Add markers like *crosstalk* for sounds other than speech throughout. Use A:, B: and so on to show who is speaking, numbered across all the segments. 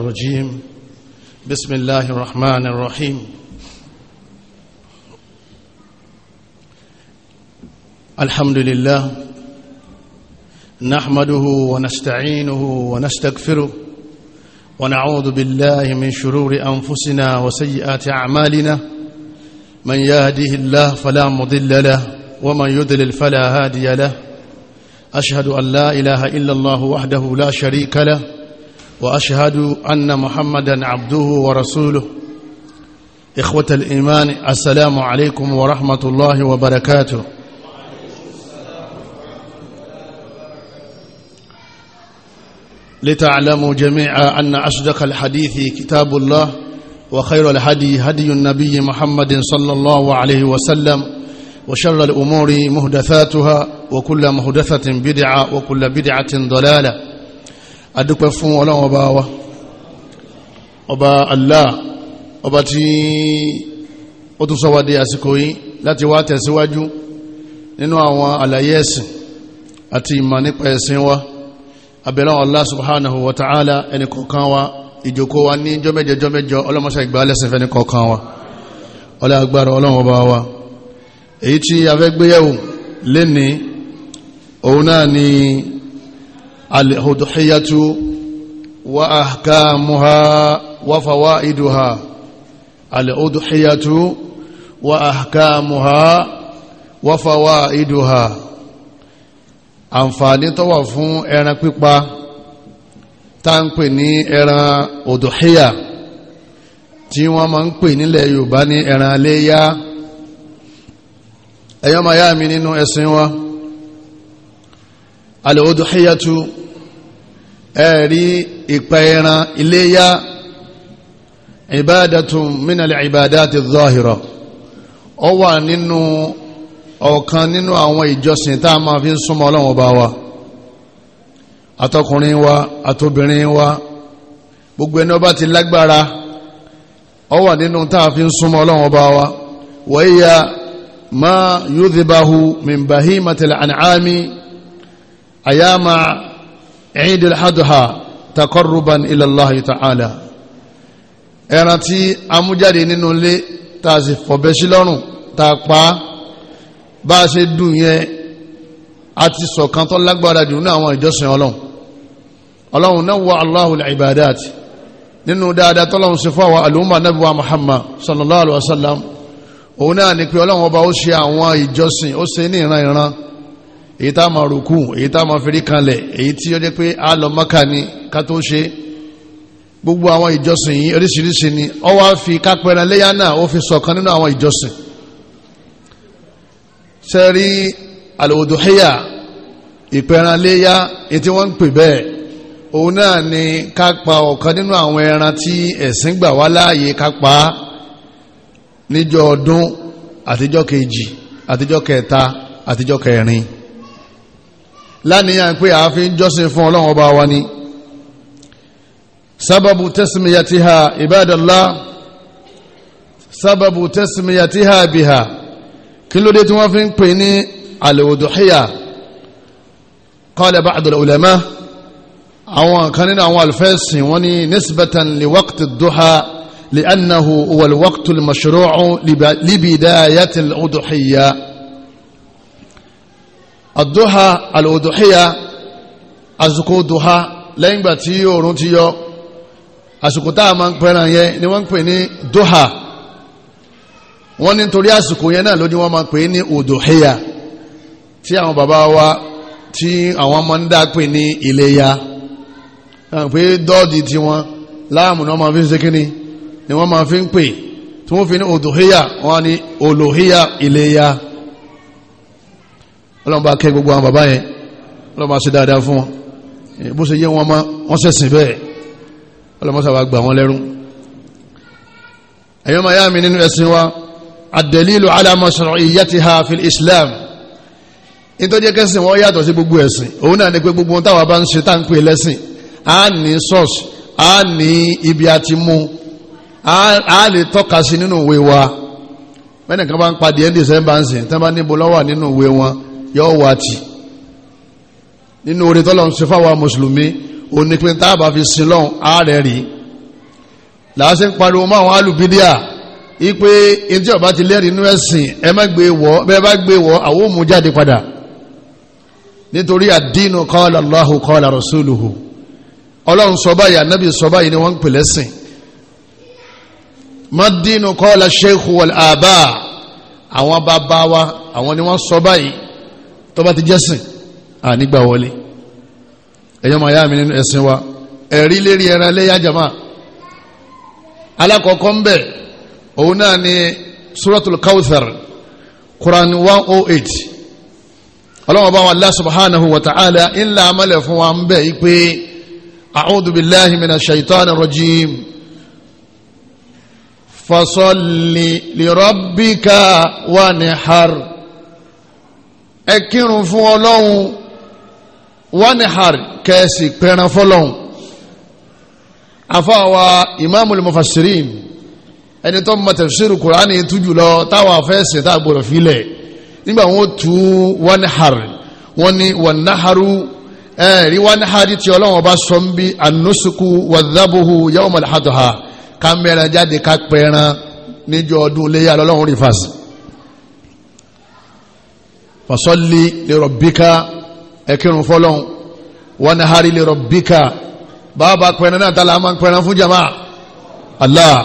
A: الرجيم بسم الله الرحمن الرحيم الحمد لله نحمده ونستعينه ونستغفره ونعوذ بالله من شرور أنفسنا وسيئات أعمالنا من يهده الله فلا مضل له ومن يضلل فلا هادي له أشهد أن لا إله إلا الله وحده لا شريك له وأشهد أن محمدا عبده ورسوله إخوة الإيمان السلام عليكم ورحمة الله وبركاته لتعلموا جميعا أن أصدق الحديث كتاب الله وخير الهدي هدي النبي محمد صلى الله عليه وسلم وشر الأمور مهدثاتها وكل مهدثة بدعة وكل بدعة ضلالة adúpẹ́ fún ọlọ́run ọba wa ọba Allah ọba tí ó tún sọ́wádé àsìkò yìí láti wá tẹ̀síwájú nínú àwọn àlàyé ẹ̀sìn àti ìmọ̀ nípa ẹ̀sìn wa abẹ̀lọ́wọ̀ Allah subhanahu wa ta'ala ẹni kọ̀ọ̀kan wa ìjòkó wa ní jọ́mẹ́jọ jọ́mẹ́jọ ọlọ́mọṣẹ́ ìgbàlẹ́sìn fẹ́ni kọ̀ọ̀kan wa ọlá agbára ọlọ́run ọba wa èyí tí a fẹ́ ni الأضحية وأحكامها وفوائدها الأضحية وأحكامها وفوائدها àǹfààní tó wà fún ẹran pípa tá ń pè ní ẹran òdòhíyà tí wọ́n máa ń pè nílẹ̀ Yorùbá ní ẹran léyá ẹ̀yọ́ máa yá mi nínú ẹ̀sìn wa al-udhiyatu ẹ̀rí ìpa ẹran iléyá ìbádatun mínàlẹ̀ ìbádàtì zọ́hìrọ̀ ọ wà nínú ọ̀kan nínú àwọn ìjọsìn tá a máa fi ń súnmọ́ ọlọ́run ọba wa àtọkùnrin wa àtobìnrin wa gbogbo ẹni ọba ti lágbára ọ wà nínú tá a fi ń súnmọ́ ọlọ́run ọba wa wọ́yà máa yudhibahu min bahimatil an'ami àyàmà Eid al-Adha taqarruban ila Allah ta'ala ẹran tí a mú jáde nínú ilé tá a sì fọ̀bẹ sí lọ́rùn tá a pa á bá a ṣe dùn yẹn a ti sọ̀kan tó lágbára jù ní àwọn ìjọsìn ọlọ́run ọlọ́run nawwa Allahu al-ibadat nínú dáadáa tọ́lọ́run sì fún àwọn àlùmọ́ anábíwá Muhammad sallallahu alayhi wa sallam òun náà ni pé ọlọ́run ọba ó ṣe àwọn ìjọsìn ó ṣe ní ìran ìran èyí tá ma rùkú èyí tá ma fèrí kanlẹ̀ èyí tí ó jẹ́ pé a lọ mọ́kà ní ká tó ṣe gbogbo àwọn ìjọsìn yìí oríṣiríṣi ni ọ wá fi kápẹ́ran léyà náà ó fi sọ̀kan nínú àwọn ìjọsìn sẹ́rí àlòdùhíyà ìpẹ́ran léyà èyí wọ́n ń pè bẹ́ẹ̀ òun náà ni ká pa ọ̀kan nínú àwọn ẹran tí ẹ̀sìn gbà wá láàyè ká pa á níjọ́ ọdún àtijọ́ kejì àtijọ́ kẹta àtijọ́ kẹrin lánìyàn pé àáfin jọ́sìn fún ọlọ́run ọba wa ni sábàbù tasmiyatiha ibadallah sábàbù tasmiyatiha biha kí ló dé tí wọ́n fi ń pè ní al-udhiyah qala ba'd al-ulama àwọn kan nínú àwọn alfẹ́sìn wọ́n ní nisbatan li waqti ad-duha li'annahu huwa al-waqtu al-mashru'u libidayati àdúhà àlòdùhíyà àsìkò dùhà lẹ́yìn ìgbà tí oòrùn ti yọ àsìkò tá a máa ń pẹ́ran yẹn ni wọ́n ń pè ní dùhà wọ́n ní torí àsìkò yẹn náà ló wọ́n máa ń pè ní òdùhíyà tí àwọn bàbá wa tí àwọn ọmọ ń dá pè ní iléyà pé dọ́ọ̀dì tiwọn láàmù náà máa fi ń ṣe kínní ni wọ́n máa fi ń pè tí wọ́n fi ní òdùhíyà wọ́n ní olùhíyà iléyà ọlọ́run bá kẹ́ gbogbo àwọn bàbá yẹn ọlọ́run bá ṣe dáadáa fún wọn bó ṣe yé wọn mọ́ wọ́n ṣẹ̀sìn bẹ́ẹ̀ ọlọ́run sábà gbà wọ́n lẹ́rú ẹ̀yọ́ máa yá mi nínú ẹ̀sìn wa ad-dalilu ala mashru'iyyatiha fil islam nítorí kẹ́sìn wọ́n yàtọ̀ sí gbogbo ẹ̀sìn òun náà ni pé gbogbo ohun táwa bá ń ṣe táǹpé lẹ́sìn á ní ṣọ́ọ̀ṣì á ní ibi àti mú á lè tọ́ka sí nínú ìwé wa mẹ́nìkan bá ń pa the end tí wọ́n bá níbo lọ́wọ́ nínú ìwé wọn yọ wá tì nínú oore tọ́lọ̀ ń ṣe fáwọn mùsùlùmí onípin tá a bá fi sin lọ́hùn ààrẹ rí làásì ń pariwo mọ́ àwọn alùbídíà ipe etí ọba ti lẹ́rìí inú ẹ̀sìn ẹ má gbé wọ́ bẹ́ẹ̀ bá gbé wọ́ àwọn òmù jáde padà nítorí àdínú qala Allahu qala rasuluhu ọlọ́run sọ báyìí ànábì sọ báyìí ni wọ́n ń pè lẹ́sìn mọ́dínú qala sheikh wal aba àwọn bàbá wa àwọn ni wọ́n sọ báyìí tó bá ti jẹ́sìn ànígbà wọlé ẹ̀yọ́ máa yá mi nínú ẹ̀sìn wa ẹ̀rí lérí ẹran léyà jama alákọ̀ọ́kọ́ ń bẹ̀ òun náà ni suratul kawthar quran one oh eight ọlọ́wọ́n bá wa Allah subhanahu wa ta'ala ńlá amálẹ̀ fún wa ń bẹ̀ yí pé a'udhu billahi minash shaitanir rajim fasalli lirabbika wanhar ẹ kírun fún ọlọ́run wanihar kẹ́sì pẹran fọlọ́run afáwa imaamul mufassirin ẹni tó mọ tafsir kuraani tu jùlọ táwa fẹsẹ̀ tá a gbọdọ̀ filẹ̀ nígbà wọn tu wanihar wọn ni wanaharu ẹ rí wanihar tí ọlọ́run bá sọ ń bí anusuku wadhabuhu yawmal hadha kàmẹ́rẹ́ jáde ká pẹran níjọ́ ọdún léyà lọ́lọ́run rí fásitì fasalli li rabbika ẹ̀kírun fọ́lọ́hún wanahari li rabbika bàbá pẹ̀rẹ̀ náà tala máa ń fún jama Allah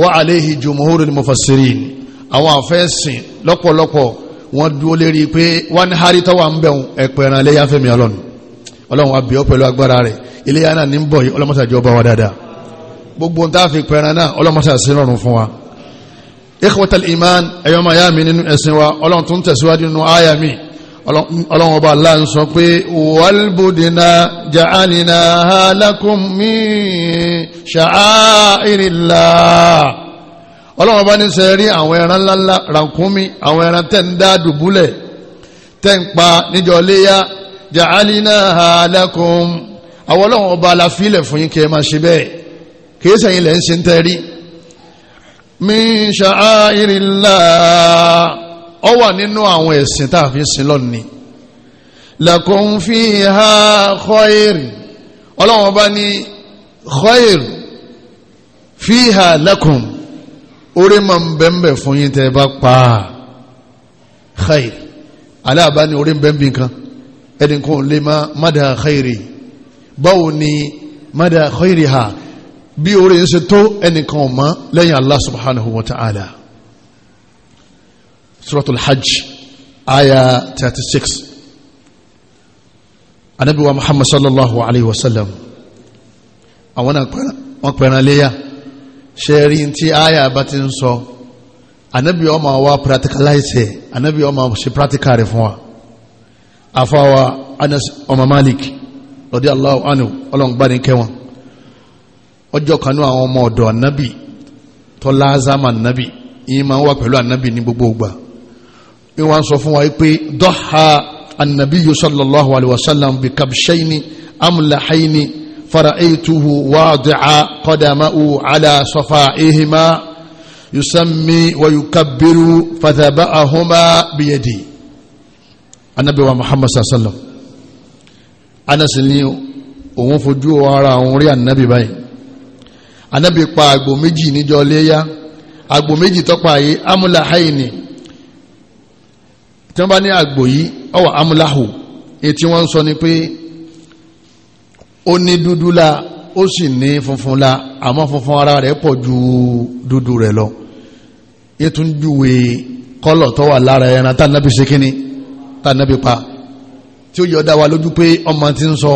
A: wa alayhi jumhurul mufassirin àwọn àfẹ́sìn lọ́pọ̀lọpọ̀ wọ́n dúó lérí pé wanahari tọ́wà ń bẹ̀rùn ẹ̀pẹ̀rẹ̀ aléyá fẹ́mi ọlọ́run ọlọ́run àbí ọ pẹ̀lú agbára rẹ̀ iléyá náà ní ń bọ̀ yìí ọlọ́mọsàjọ́ bá wa dáadáa gbogbo ikhwatal iman ẹ̀yọ́ máa yá mi nínú ẹ̀sìn wa ọlọ́run tó ń tẹ̀síwájú nínú àyà mi ọlọ́run ọba Allah ń sọ pé wàlbùdìnà ja'alina halakum min sha'airillah ọlọ́run ọba ní sẹ́ rí àwọn ẹran ńláńlá rànkúnmí àwọn ẹran tẹ́ ń dá dùbúlẹ̀ tẹ́ ń pa níjọ léyà ja'alina halakum àwọn ọlọ́run la fílẹ̀ fún yín kẹ́ ẹ máa ṣe bẹ́ẹ̀ kì í sẹ́yìn lẹ́ ń ṣe min sha'airillah ó wà nínú àwọn ẹ̀sìn tá a fi sin lọ́ni lakum fiha khair ọlọ́run ọba ní khair fiha lakum orí máa ń bẹ́ńbẹ́ fún yín tẹ́ ẹ bá pa khair aláàbá ní orí ń kan ẹnì kan lè má mada khairi báwo ni mada khairiha bí orí ń ṣe tó ẹnìkan ọ̀mọ́ lẹ́yìn Allah subhanahu wa ta'ala suratul hajj aya 36 anabi wa muhammad sallallahu alaihi wasallam àwọn wọn pẹ̀rẹ̀ léyà ṣe rí tí aya bá ti ń sọ anabi ọmọ wa practicalize anabi ọmọ ṣe practical rẹ̀ fún wa afawa anas ọmọ malik radiyallahu anhu ọlọ́ngbani kẹwọn ọjọ́ kanú àwọn ọmọ ọ̀dọ̀ ànábì tọ́lá azama ànábì yìí máa ń wà pẹ̀lú ànábì ní gbogbo ìgbà bí wọ́n sọ fún wa pé dọ́ha ànábì yìí sallallahu alayhi wa sallam bí kabṣẹ́ni amúláhàíni fara'aituhu wadi'a qadamahu ala safa'ihima yusammi wa yukabbiru fathaba'ahuma biyadi ànábì wa muhammad sallallahu alayhi wa sallam anasili òun fojú ara òun rí ànábì báyìí anábì pa àgbò méjì níjọ́ léyá àgbò méjì tọ́pa yìí amúláhàìní tí wọ́n bá ní àgbò yìí ọwọ́ amúláhù ètí wọ́n ń sọ ni pé ó ní dúdú la ó sì ní funfun la àmọ́ funfun ara rẹ̀ pọ̀ ju dúdú rẹ̀ lọ ètò ń júwe kọ́lọ̀ tó wà lára ẹran tá nábì ṣe kínní tá nábì pa tí ó yọ dá wa lójú pé ọmọ ti ń sọ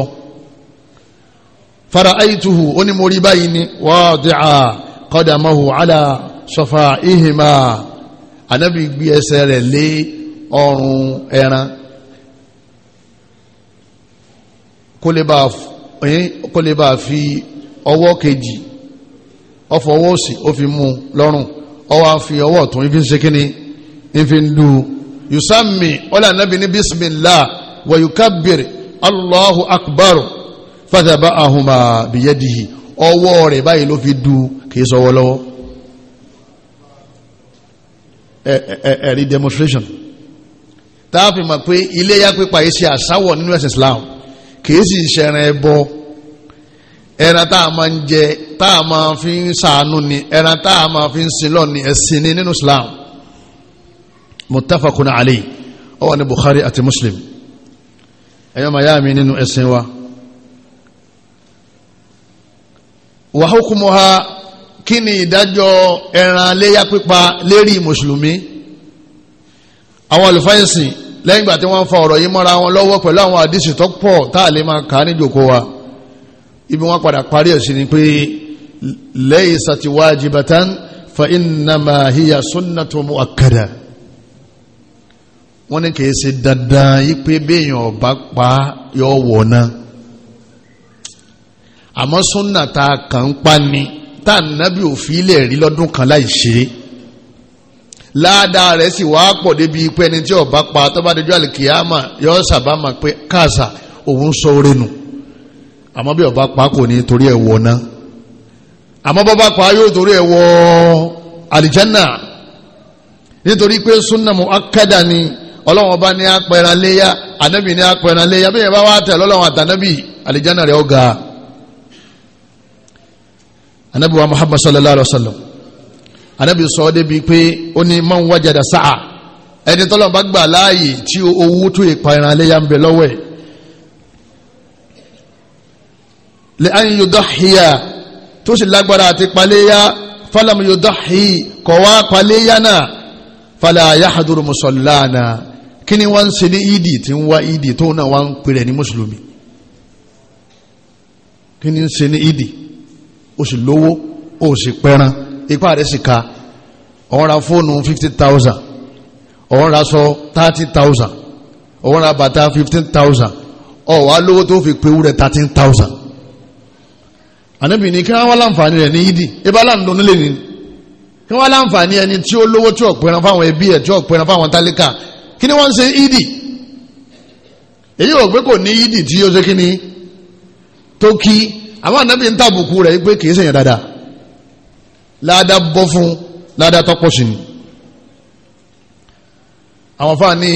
A: fara'aituhu ó ní mo rí báyìí ni wadi'a qadamahu ala safa'ihima anabi gbé ẹsẹ̀ rẹ̀ lé ọrùn ẹran kó lè bá fi ọwọ́ kejì ọfọwọ́ òsì ó fi mú lọ́rùn ọwọ́ fi ọwọ́ tún ibi ń ṣe kíni ibi ń du yusami ọlá anabi ní bismillah wa yukabbir allahu akbar fàtàbà ahùnmà bìyẹ́dìhì ọwọ́ rẹ̀ báyìí ló fi du kìí sọwọ́ lọ́wọ́ ẹ̀rí demonstration táàfin mọ̀ pé iléyà pípa yìí ṣe àṣàwọ̀ nínú ẹ̀sìn Islam kìí sì ṣẹran ẹbọ ẹran tá máa ń jẹ tá máa fi ń ṣàánú ni ẹran tá máa fi ń sin lọ ni ẹ̀sìn ni nínú Islam muttafaqun alayhi ó wà ní àti Muslim ẹ̀yọ́ màyá nínú ẹ̀sìn wa. wàhókùmọ́ha kí ni ìdájọ́ ẹran léyà pípa lérí mùsùlùmí àwọn olùfẹ́yìnsìn lẹ́yìn ìgbà tí wọ́n fa ọ̀rọ̀ yìí mọ́ra wọn lọ́wọ́ pẹ̀lú àwọn àdìsí tó pọ̀ tá a lè máa kà á níjòkó wa ibi wọn padà parí ẹ̀ sí ni pé laysat wajibatan fa innama hiya sunnatu muakkada wọ́n ní kì í ṣe dandan yí pé béèyàn ọ̀bá pa yọ wọ̀ náà àmọ́ súnà tá a kàn ń pa ni tá a nábì òfin ilẹ̀ rí lọ́dún kan láì ṣeré láàdáa rẹ̀ sì wá pọ̀ débi pé ẹni tí ọba pa tó bá dojú àlìkìyàmà yọ sábà máa pé káàsà òun sọ orí nù àmọ́ bí ọba pa kò ní torí ẹ̀ wọ̀ náà àmọ́ bọ́ba pa yóò torí ẹ̀ wọ àlìjánà nítorí pé súnà mu akádà ni ọlọ́run ọba ní apẹ̀rẹ̀ léyà ànábì ní apẹ̀rẹ̀ léyà bí yẹn bá wà tẹ̀ lọ́lọ́run àtànábì àlìjánà rẹ̀ ọ̀gá anabi wa muhammad sallallahu alaihi wa sallam anabi sọ ọ́ débi pé ó ní man wajada sáà ẹni tọ́lọ́ bá gbà láàyè tí owó tó ìparun aléyà ń bẹ lọ́wọ́ ẹ̀ lè an yudahhiya tó sì lágbára àti paléyà falam yudahhi kọ̀ wá paléyà náà fala yahaduru musallana kí ni wọ́n ń ṣe ní ìdì tí ń wá ìdì tó náà wọ́n ń pèrè ní mùsùlùmí kí ni ń ṣe ní ìdì o sì lówó o sì pẹran ipá rẹ̀ sì ka ọ̀hún ra fóònù fifty thousand ọ̀hún ra aṣọ thirty thousand ọ̀hún ra bàtà fifteen thousand ọ̀wá lówó tó fi pe wúrẹ̀ thirteen thousand ànábì ní kí wọ́n wá láǹfààní rẹ̀ ní yídì ebá láǹdó nílé ni kí wọ́n wá láǹfààní ẹni tí ó lówó tí ó pẹran fáwọn ẹbí ẹ̀ tí ó pẹran fáwọn tálíkà kí ni wọ́n ń ṣe yídì èyí ò gbé kò ní yídì tí ó ṣe kí ni tó kí àwọn ànábì ń tàbùkù rẹ̀ pé kì í ṣèyàn dáadáa láàdá bọ́ fún láàdá tọ́pọ̀ sí ni àwọn fáà ní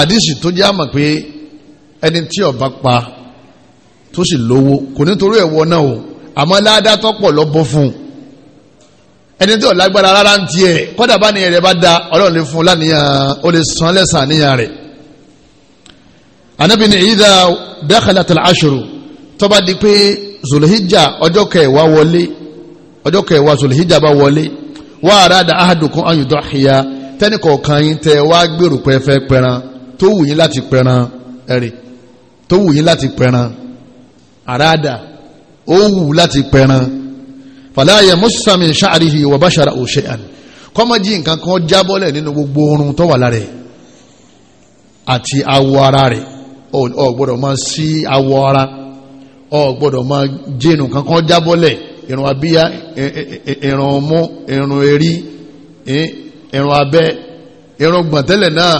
A: àdìsí tó jẹ́ àmọ̀ pé ẹni tí ó bá pa tó sì lówó kò nítorí ẹ̀wọ̀ náà o àmọ́ láàdá tọ́pọ̀ lọ bọ́ fún ẹni tí ó lágbára rárá ń tiẹ̀ kọ́dà bá ní ẹ̀rẹ́ bá da ọlọ́run lè fún láníyàn ó lè san lẹ́sàn níyàn rẹ̀ ànábì ní ìdá dákàlà tàlà àṣòro tó di pé zulhijja ọjọ́ kẹwàá wọlé ọjọ́ kẹwàá zulhijja bá wọlé wà á ráda ahadukum an yudhiya tẹ́nìkọ̀ọ̀kan yín tẹ́ wá gbèrò pẹ́fẹ́ pẹran tó wù yín láti pẹran ẹ̀rì tó wù yín láti pẹran àràdà ó wù láti pẹran fala yamussa min sha'rihi wa bashara shay'an kọ́mọ́jì nǹkan kan jábọ́lẹ̀ nínú gbogbo orun tó wà lára àti awọ ara rẹ̀ ọ̀ gbọ́dọ̀ máa sí awọ ara ọ ma máa kankan jábọ́lẹ̀ irun abíyá irun ọmú irun erí irun abẹ́ irun gbọ̀n tẹ́lẹ̀ náà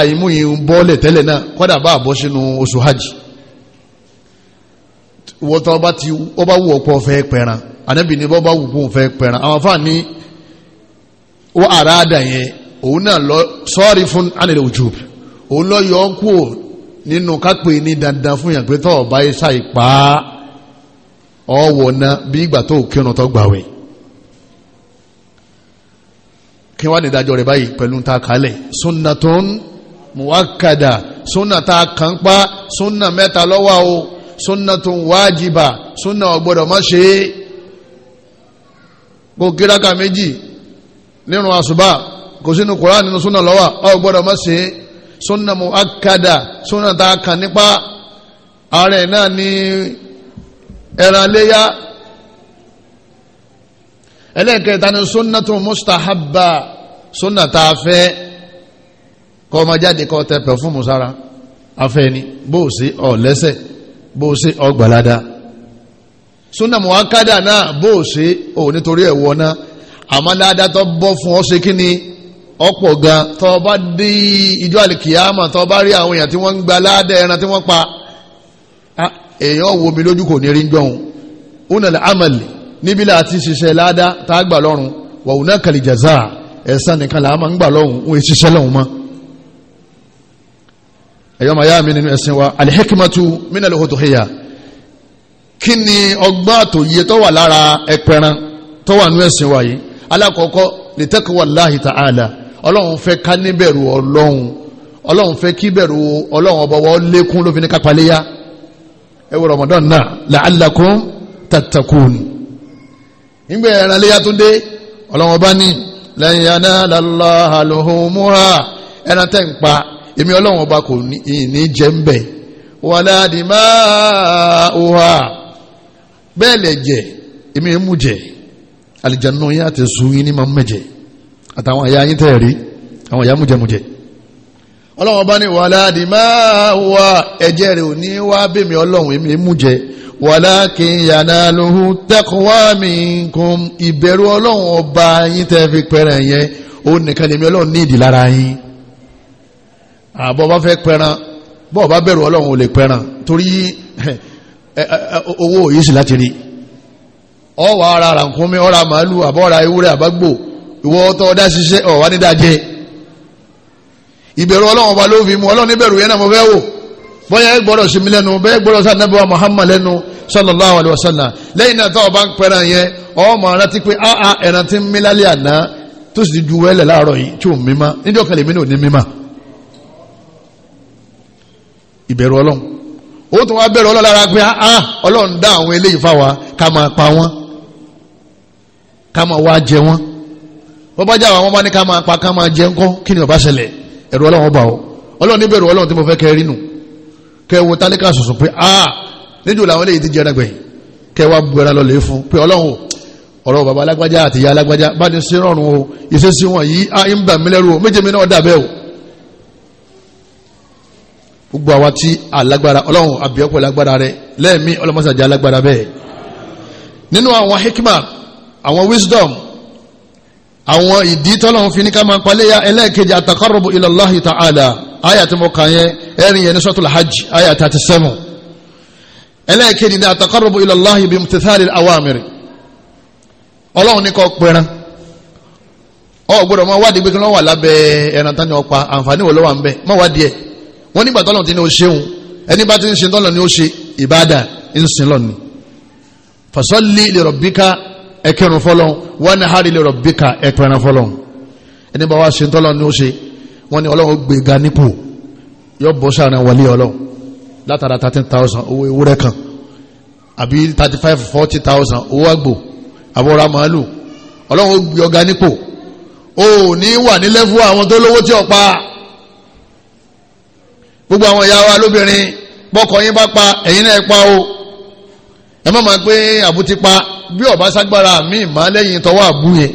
A: àìmú tẹ́lẹ̀ náà kọ́dà bá bọ́ sínú oṣù hajj wọ́tọ́ ọba ti ọba nínú kápẹ́ ní dandan fún yàn pé tọ́ ọba iṣá ìpá ọwọ́ náà bí ìgbà tó kírun tó gbàwẹ̀ kí wá ní ìdájọ́ rẹ̀ báyìí pẹ̀lú ta kalẹ̀ sunnatun muwakkada sunna ta kànpá sunna mẹ́ta lọ́wọ́ o sunnatun wájibà sunna ọgbọ́dọ̀ má ṣe é kó kíráka méjì nínú àṣùbà kò sínú kùrán nínú sunna lọ́wọ́ ọgbọ́dọ̀ má ṣe é sunna muakkada sunna tá a kàn nípa ààrẹ náà ní ẹran léyà ẹlẹ́ẹ̀kẹta ni sunnatu mustahabba sunna tá a fẹ́ kọ́ ọmọ jáde kọ́ tẹ pẹ̀fúmù sára afẹ́ ni bó o ṣe ọ̀ lẹ́sẹ̀ bó o ṣe ọ̀ gbàládà náà bó o ṣe ò nítorí ẹ̀wọ̀ náà àmọ́ dáadáa tó bọ́ fún ọ ṣe kí ni ọ̀pọ̀ gan tó bá dé ìjọ àlìkìyàmà tó bá rí àwọn èèyàn tí wọ́n ń gba aládẹ ẹran tí wọ́n pa èèyàn wo mi lójú kò ní rí jọ̀hún unal amal níbi láti ṣiṣẹ́ ládá tá a gbà lọ́rùn wàhùn náà kàlì jàzá ẹ̀sán nìkan làá máa ń gbà lọ́hùn ó yẹ ṣiṣẹ́ lọ́hùn mọ́. ẹ̀yọ́ màá yá mi nínú ẹ̀sìn wa alihikimatu minal hotohiya kí ni ọgbọ́n àtòyè tó wà lára ẹ̀pẹ̀ran tó wà nínú ẹ̀sìn wa yìí alákọ̀ọ́kọ́ lè tẹ́kọ̀ọ́ wàláhì ta'ala ọlọ́run fẹ́ ká níbẹ̀rù ọlọ́run ọlọ́run fẹ́ kí bẹ̀rù ọlọ́run ọba wọ́n lékún ló fi ní kápaléyà ẹ wọ Ramadan náà la'allakum tattaqun nígbà ẹran léyà tó dé ọlọ́run ọba ní lan yanala Allaha luhumuha ẹran tẹ́ ń pa èmi ọlọ́run ọba kò ní jẹ́ ń bẹ̀ wala dima'uha bẹ́ẹ̀ lẹ̀ jẹ́ èmi ń mú jẹ́ àlìjánu yẹn àti sùn yín ní máa mẹ́jẹ̀ẹ́ àtàwọn ẹ̀yà yín tẹ̀ rí àwọn ẹ̀yà mújẹmújẹ ọlọ́run bá ní wàhálà ni máa wà ẹ̀jẹ̀ rẹ̀ ò ní wá bèmí ọlọ́run èmi mújẹ wàhálà kì í yànnà lóhùn taqwa minkum ìbẹ̀rù ọlọ́run ọba yín tẹ́ fi pẹ̀rẹ̀ yẹn ó nìkan lèmi ọlọ́run ní ìdí lára yín àbọ̀ bá fẹ́ pẹran bọ́ọ̀ bá bẹ̀rù ọlọ́run ò lè pẹran torí owó yìí sì láti rí ọwọ́ ara rànkúnmí ọ̀ra màálù àbọ̀ra ewúrẹ́ àbágbò ìwọ ọtọ ọdá ṣiṣẹ ọ̀ wá nídàá jẹ ọba ló fi mu ọlọ́run níbẹ̀rù yẹn náà mo fẹ́ wò bóyá ẹ sí mi lẹ́nu gbọdọ gbọ́dọ̀ sí anábẹ́wà Muhammad lẹ́nu sallallahu alayhi wa sallam lẹ́yìn náà ń ọmọ ara ti pé ah, ah, ẹran ti ń mí àná tó sì ju yìí tí ò lèmi náà ò ní ó tún wá wọ́n bá jáwọ́ àwọn bá ní ká máa pa ká máa jẹ ńkọ́ kí ni ó bá ṣẹlẹ̀ ẹ̀rù ọlọ́run bá ọ ọlọ́run níbẹ̀rù ọlọ́run tí mo fẹ́ kẹ́ rí nù kẹ́ wo tálíkà sọ̀sọ̀ pé a níjò làwọn eléyìí ti jẹ ẹran gbẹ̀yìn kẹ́ wá bẹ̀rẹ̀ lọ lè fún pé ọlọ́run ọ̀rọ̀ bàbá alágbájá àti ìyá alágbájá bá ní sí rọrùn o ìṣesí wọn yìí a ń bà mí lẹ́rù o méje mi náà dà bẹ́ẹ̀ o gbogbo àwa tí alágbára ọlọ́run àbíọ́pọ̀ wisdom àwọn ìdí tọ́lọ́run fi ní ká máa paléyà ẹlẹ́ẹ̀kejì àtàkọ́rọ̀bù ilallahi ta'ala àyà tí mo kà yẹn ẹ̀rìn yẹn ní sọ́tùl hajj àyà 37 ẹlẹ́ẹ̀kejì ní àtàkọ́rọ̀bù ilallahi bí mutithari awamiri ọlọ́run ní kọ́ pẹran ọ gbọ́dọ̀ máa wádìí pé kí wọ́n wà lábẹ́ ẹran tán ni ọ̀pá àǹfààní wo ló wà ń bẹ̀ wádìí ẹ̀ ẹ kírun fọlọ́n wọ́n ní hàrí lè rọ̀ bíkà ẹ pẹ̀rẹ̀ fọlọ́n ẹni bá wá ṣe ń tọ́lọ́ ní ó ṣe wọ́n ní ọlọ́run gbé ga nípò yọ bọ́ sàrẹ̀ wọlé ọlọ́run látara thirteen thousand owó ewúrẹ́ kan àbí thirty five forty thousand owó àgbò àbúrò màálù ọlọ́run gbé ọ̀gá nípò o ò ní wà ní lẹ́fù àwọn tó lówó tí ọ̀pá gbogbo àwọn ìyá wa lóbìnrin bọ́kọ̀ yín bá pa ẹ̀yin náà pa o ẹ má máa pé àbútipa bí ọba ságbára mi ìmá lẹ́yìn tọwọ́ àbú yẹn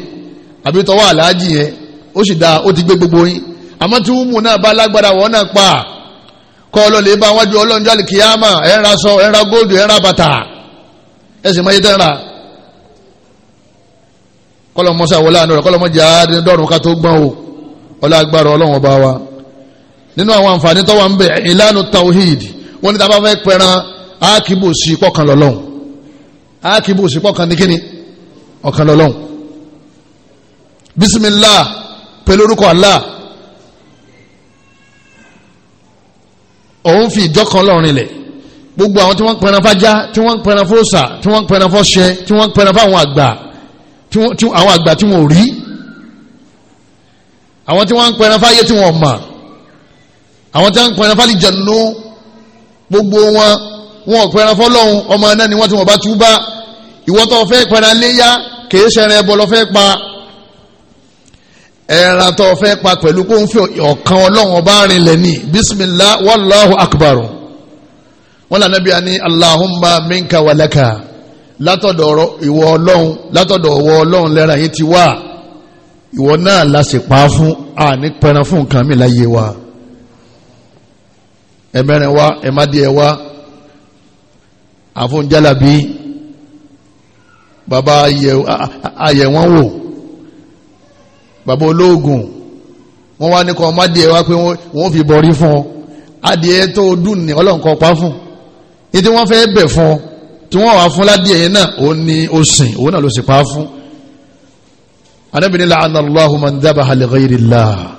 A: àbí tọwọ́ àlájì yẹn ó sì dáa ó ti gbé gbogbo yín àmọ́ tí wúmù náà bá lágbára wọ́n náà pa kọ́ ọlọ́lẹ̀ bá wájú ọlọ́njọ́ àlìkìyàmà ẹ̀ ń ra sọ ẹ̀ ń ra góòdù ẹ̀ ń ra bàtà ẹ̀ sì máa yẹ tẹ́ ń ra kọlọmọ sàwọlá àná rẹ kọlọmọ jẹ àádọ́rùn ká tó gbọ́n o ọlá ọlọ́wọ́n bá wa nínú àwọn àǹfààní tọ́wọ́ ń bẹ ìlànà tawhid wọ́n ní tá bá fẹ́ pẹran ákìbò pọ́kànlọ́lọ́hùn a kì í bò sí pọ̀kan ní kíni ọ̀kan lọ́lọ́hún bisimilah pẹ̀lú orúkọ Allah òun fi ìjọ kan lọ́rin lẹ̀ gbogbo àwọn tí wọ́n ń pẹran fájá tí wọ́n ń pẹran fóòsà tí wọ́n ń pẹran fọ́ṣẹ tí wọ́n ń pẹran fáwọn àgbà àwọn àgbà tí wọ́n rí àwọn tí wọ́n ń pẹran fáyé tí wọ́n mọ̀ àwọn tí wọ́n ń pẹran fálìjẹ̀ gbogbo wọn wọn ò pẹran fọlọ́hún ọmọ náà ni wọ́n ti wọ́n bá tú ìwọ tó fẹ́ pẹran léyà kìí ṣẹran ẹbọ lọ fẹ́ pa ẹran tó fẹ́ pa pẹ̀lú kó ń fi ọ̀kan ọlọ́run ọba rinlẹ̀ ní bisimilah wàláhu akbar wọn lànà bíi àní alahumma minka walaka látọ̀dọ̀ ìwọ ọlọ́run látọ̀dọ̀ ìwọ ọlọ́run lẹ́ran yìí ti wá ìwọ náà la sì pa fún àní pẹran fún nǹkan mi láyé wa ẹmẹrin wa ẹmadìẹ wa àfọ̀njálàbí bàbá ayẹ̀ wọ́n wò bàbá olóògùn wọ́n wá ní kọ́ mádìẹ wá pé wọ́n fi bọ̀rí fún ọ adìẹ tó dùn ní ọlọ́nkọ́ pa fún ní tí wọ́n fẹ́ bẹ̀ fún ọ tí wọ́n wà fún ládìẹ yẹn náà ó ní ó sìn òun náà ló sì pa fún anábìnrin la'ana Allahu man dhabaha li ghayri Allah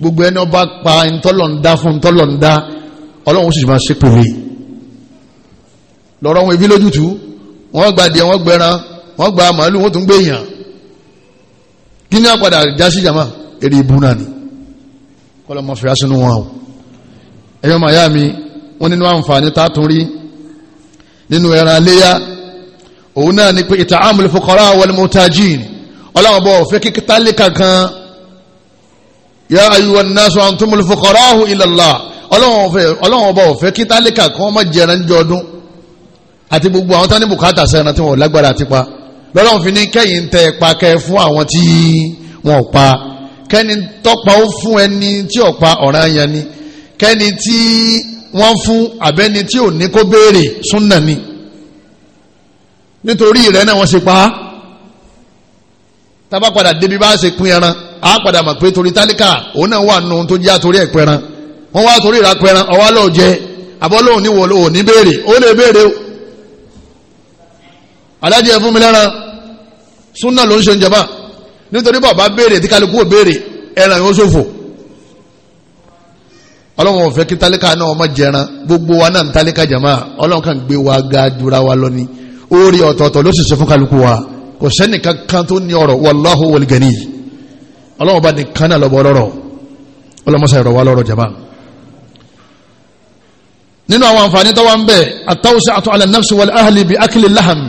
A: gbogbo ẹni ọba pa ntọ́lọ̀ndá fún ntọ́lọ̀ndá ọlọ́run sì máa ṣépèrè lọ́rọ̀ wọn ibi lójútùú wọ́n gba díẹ̀ wọ́n gbẹran wọ́n gba màálù wọ́n tún gbé èèyàn kí ni àpàdà jásí jàmá èrè ìbú náà ni kọ́lọ́ mọ̀ fìyà sínú wọn o ẹ̀yọ́ màyá mi wọ́n nínú àǹfààní tá a tún rí nínú ẹran aléyá òun náà ni pé ita'amul fuqara wal mutajin ọlọ́run bọ̀ fẹ́ kí tálíkà kan ya ayyuhan nasu antumul fuqara'u ila Allah ọlọ́run bọ̀ fẹ́ kí tálíkà kan má jẹran jọdún àti gbogbo àwọn tání bùkátà sẹ́ran tí wọ́n lágbára àti pa lọ́lọ́run fi ní kẹ́yìn tẹ́ ẹ pa kẹ́ ẹ fún àwọn tí wọ́n pa kẹ́ni tọ́pa ó fún ẹni tí ò pa ọ̀ràn yẹn ni kẹ́ni tí wọ́n fún àbẹ́ni tí ò ní kó béèrè súnà ni nítorí rẹ̀ náà wọ́n ṣe pa á tá a bá padà débi bá a ṣe pín ẹran a padà mọ̀ pé torí tálíkà òun náà wà nù tó jẹ́ àtòrí ẹ̀ pẹran wọ́n wá torí ìra pẹran ọwọ́ lọ́ọ̀ jẹ àbọ́lóhùn ní wọ́ọ̀ ní béèrè ó lè béèrè o aláàjì ẹ fún mi lẹ́ran súnà ló ń ṣe ìjọba nítorí bàbá béèrè tí kálukú ò béèrè ẹran yóò ṣòfò ọlọ́run ò fẹ́ kí tálíkà náà ọmọ jẹran gbogbo wa náà ń tálíkà jàmá ọlọ́run kàn gbé wa ga jura wa lọ ni orí ọ̀tọ̀ọ̀tọ̀ ló sì ṣe fún kálukú wa kò sẹ́nìkan kan tó ní ọ̀rọ̀ wàláhù wọlgẹ̀ni ọlọ́run bá nìkan náà lọ́bọ̀ nínú àwọn àǹfààní tó wà ń bẹ àtàwùsà àtọ ala nafsi wal ahli bi akli laham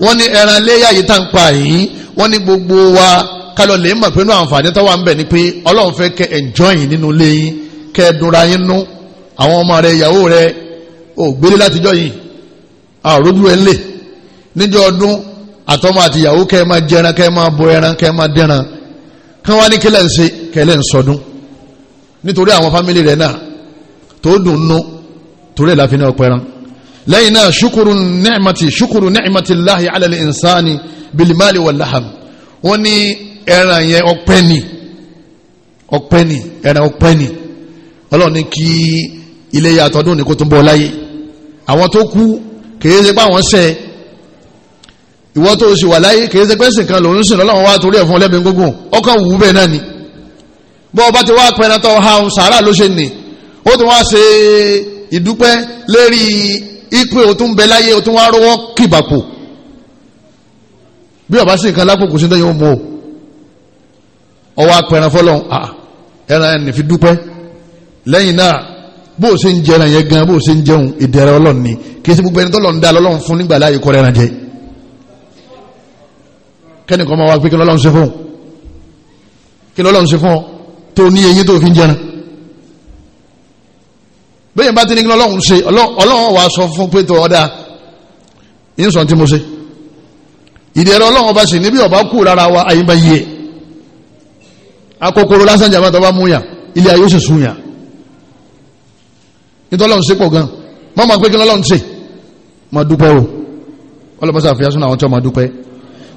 A: wọ́n ní ẹran léyà yìí tá ń pa yìí wọ́n ní gbogbo wa kálọ̀ lè mọ̀ pé inú àǹfààní tó wà ń bẹ̀ ni pé ọlọ́run fẹ́ kẹ́ enjoy nínú ilé yín kẹ́ ẹ dunra yín nú àwọn ọmọ rẹ ìyàwó rẹ ò gbélé látijọ́ yìí àròdú ẹ̀ ń lè níjọ́ ọdún àtọ́mọ àti ìyàwó kẹ́ ẹ máa jẹran kẹ́ ẹ máa bọ ẹran kẹ́ ẹ máa dẹran kán wá ní kílẹ̀ ń ṣe kẹlẹ́ ń sọdún nítorí àwọn fámìlì rẹ̀ náà tó dùn nú torí ẹ̀ láfi náà pẹran lẹ́yìn شكر ṣukuru شكر نعمة الله على الإنسان بالمال واللحم. wà láhàm wọ́n ní ẹran yẹn ọpẹ́ ni ọpẹ́ ni ẹran ọpẹ́ ni ọlọ́run ní kí ilé yàtọ̀ ọdún ní kó tó ń bọ̀ láyé àwọn tó kú kèé ṣe pé àwọn sẹ́ ìwọ́n tó ṣì wà láyé kèé ṣe pé sìnkan lòún sìn lọ́lọ́run wá torí ẹ̀fọn lẹ́mìí gúngùn ọkàn wù ú bẹ́ẹ̀ náà ni bọ́ ọba ti wá pẹ́ẹ́nà tó ha sàárà ló ṣe nì ó tún wá ṣe ìdúpẹ́ lérí ipe o tún bẹ láyé o tún wá rọwọ́ kìbàpò bí ọba sí nǹkan lápò kò sí ní yóò mú o ọwọ́ apẹ̀rẹ̀ fọlọ́n a ah, ẹran ẹni fi dúpẹ́ lẹ́yìn náà bó o ṣe ń jẹran yẹn gan bó o ṣe ń jẹun ìdẹ̀rẹ̀ ọlọ́run ni kì í ṣe gbogbo ẹni tọ́lọ̀ ń da lọ́lọ́run fún nígbà láàyè kọ́ ẹran jẹ kẹ́nìkan máa wá pé kí lọ́lọ́run ṣe fún kí lọ́lọ́run ṣe fún ọ tó ní eyín tó fi ń jẹran bẹ́ẹ̀ bá ti ní kí ọlọ́run ṣe ọlọ́run wàá sọ fún pé tó ọ̀dà yín sọ tí mo ṣe ìdẹ̀rẹ̀ ọlọ́run ọba sì níbi ọba kù rárá wa àyínbá yìí akókòrò lásán jàmbá tó bá mú yàn ilé ayé ó sì sún yàn nítorí ọlọ́run ṣe pọ̀ gan mọ́ máa pé kí ọlọ́run ṣe máa dúpẹ́ o ọlọ́pàá sàfihàn sún àwọn tí wọ́n máa dúpẹ́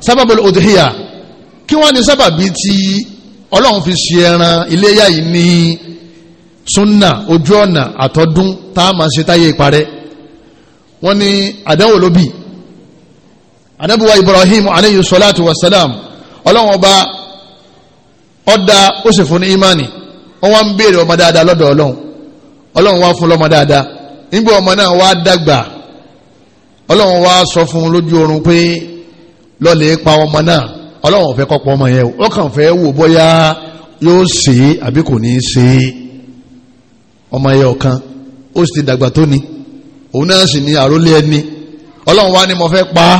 A: sábàbọ̀ òdìhíyà kí wọ́n ní sábàbí tí ọlọ́run fi ṣe ẹran iléyà yìí ní sunna ojú ọ̀nà àtọ́dún tá a máa ṣe táyé ìparẹ́ wọ́n ní àdánwò ló bì anabiwa ibrahim aleyhi salatu wa salam ọlọ́wọ́n ọba ọ̀dà ó sì fún ní imani wọ́n wá ń béèrè ọmọ dáadáa lọ́dọ̀ ọlọ́run ọlọ́run wá fún lọ́mọ dáadáa nígbà ọmọ náà wá dàgbà ọlọ́run wá sọ fún lójú oorun pé lọ́lẹ̀ pa ọmọ náà ọlọ́run fẹ́ kọ́ pọ̀ ọmọ yẹn ó kàn fẹ́ wò bóyá yóò ṣe é àbí kò ní í ṣe é ọmọ ẹyẹ ọ̀kan ó sì ti dàgbà tó ni òun náà sì ní àrólé ẹni ọlọ́run wá ní mo fẹ́ pa á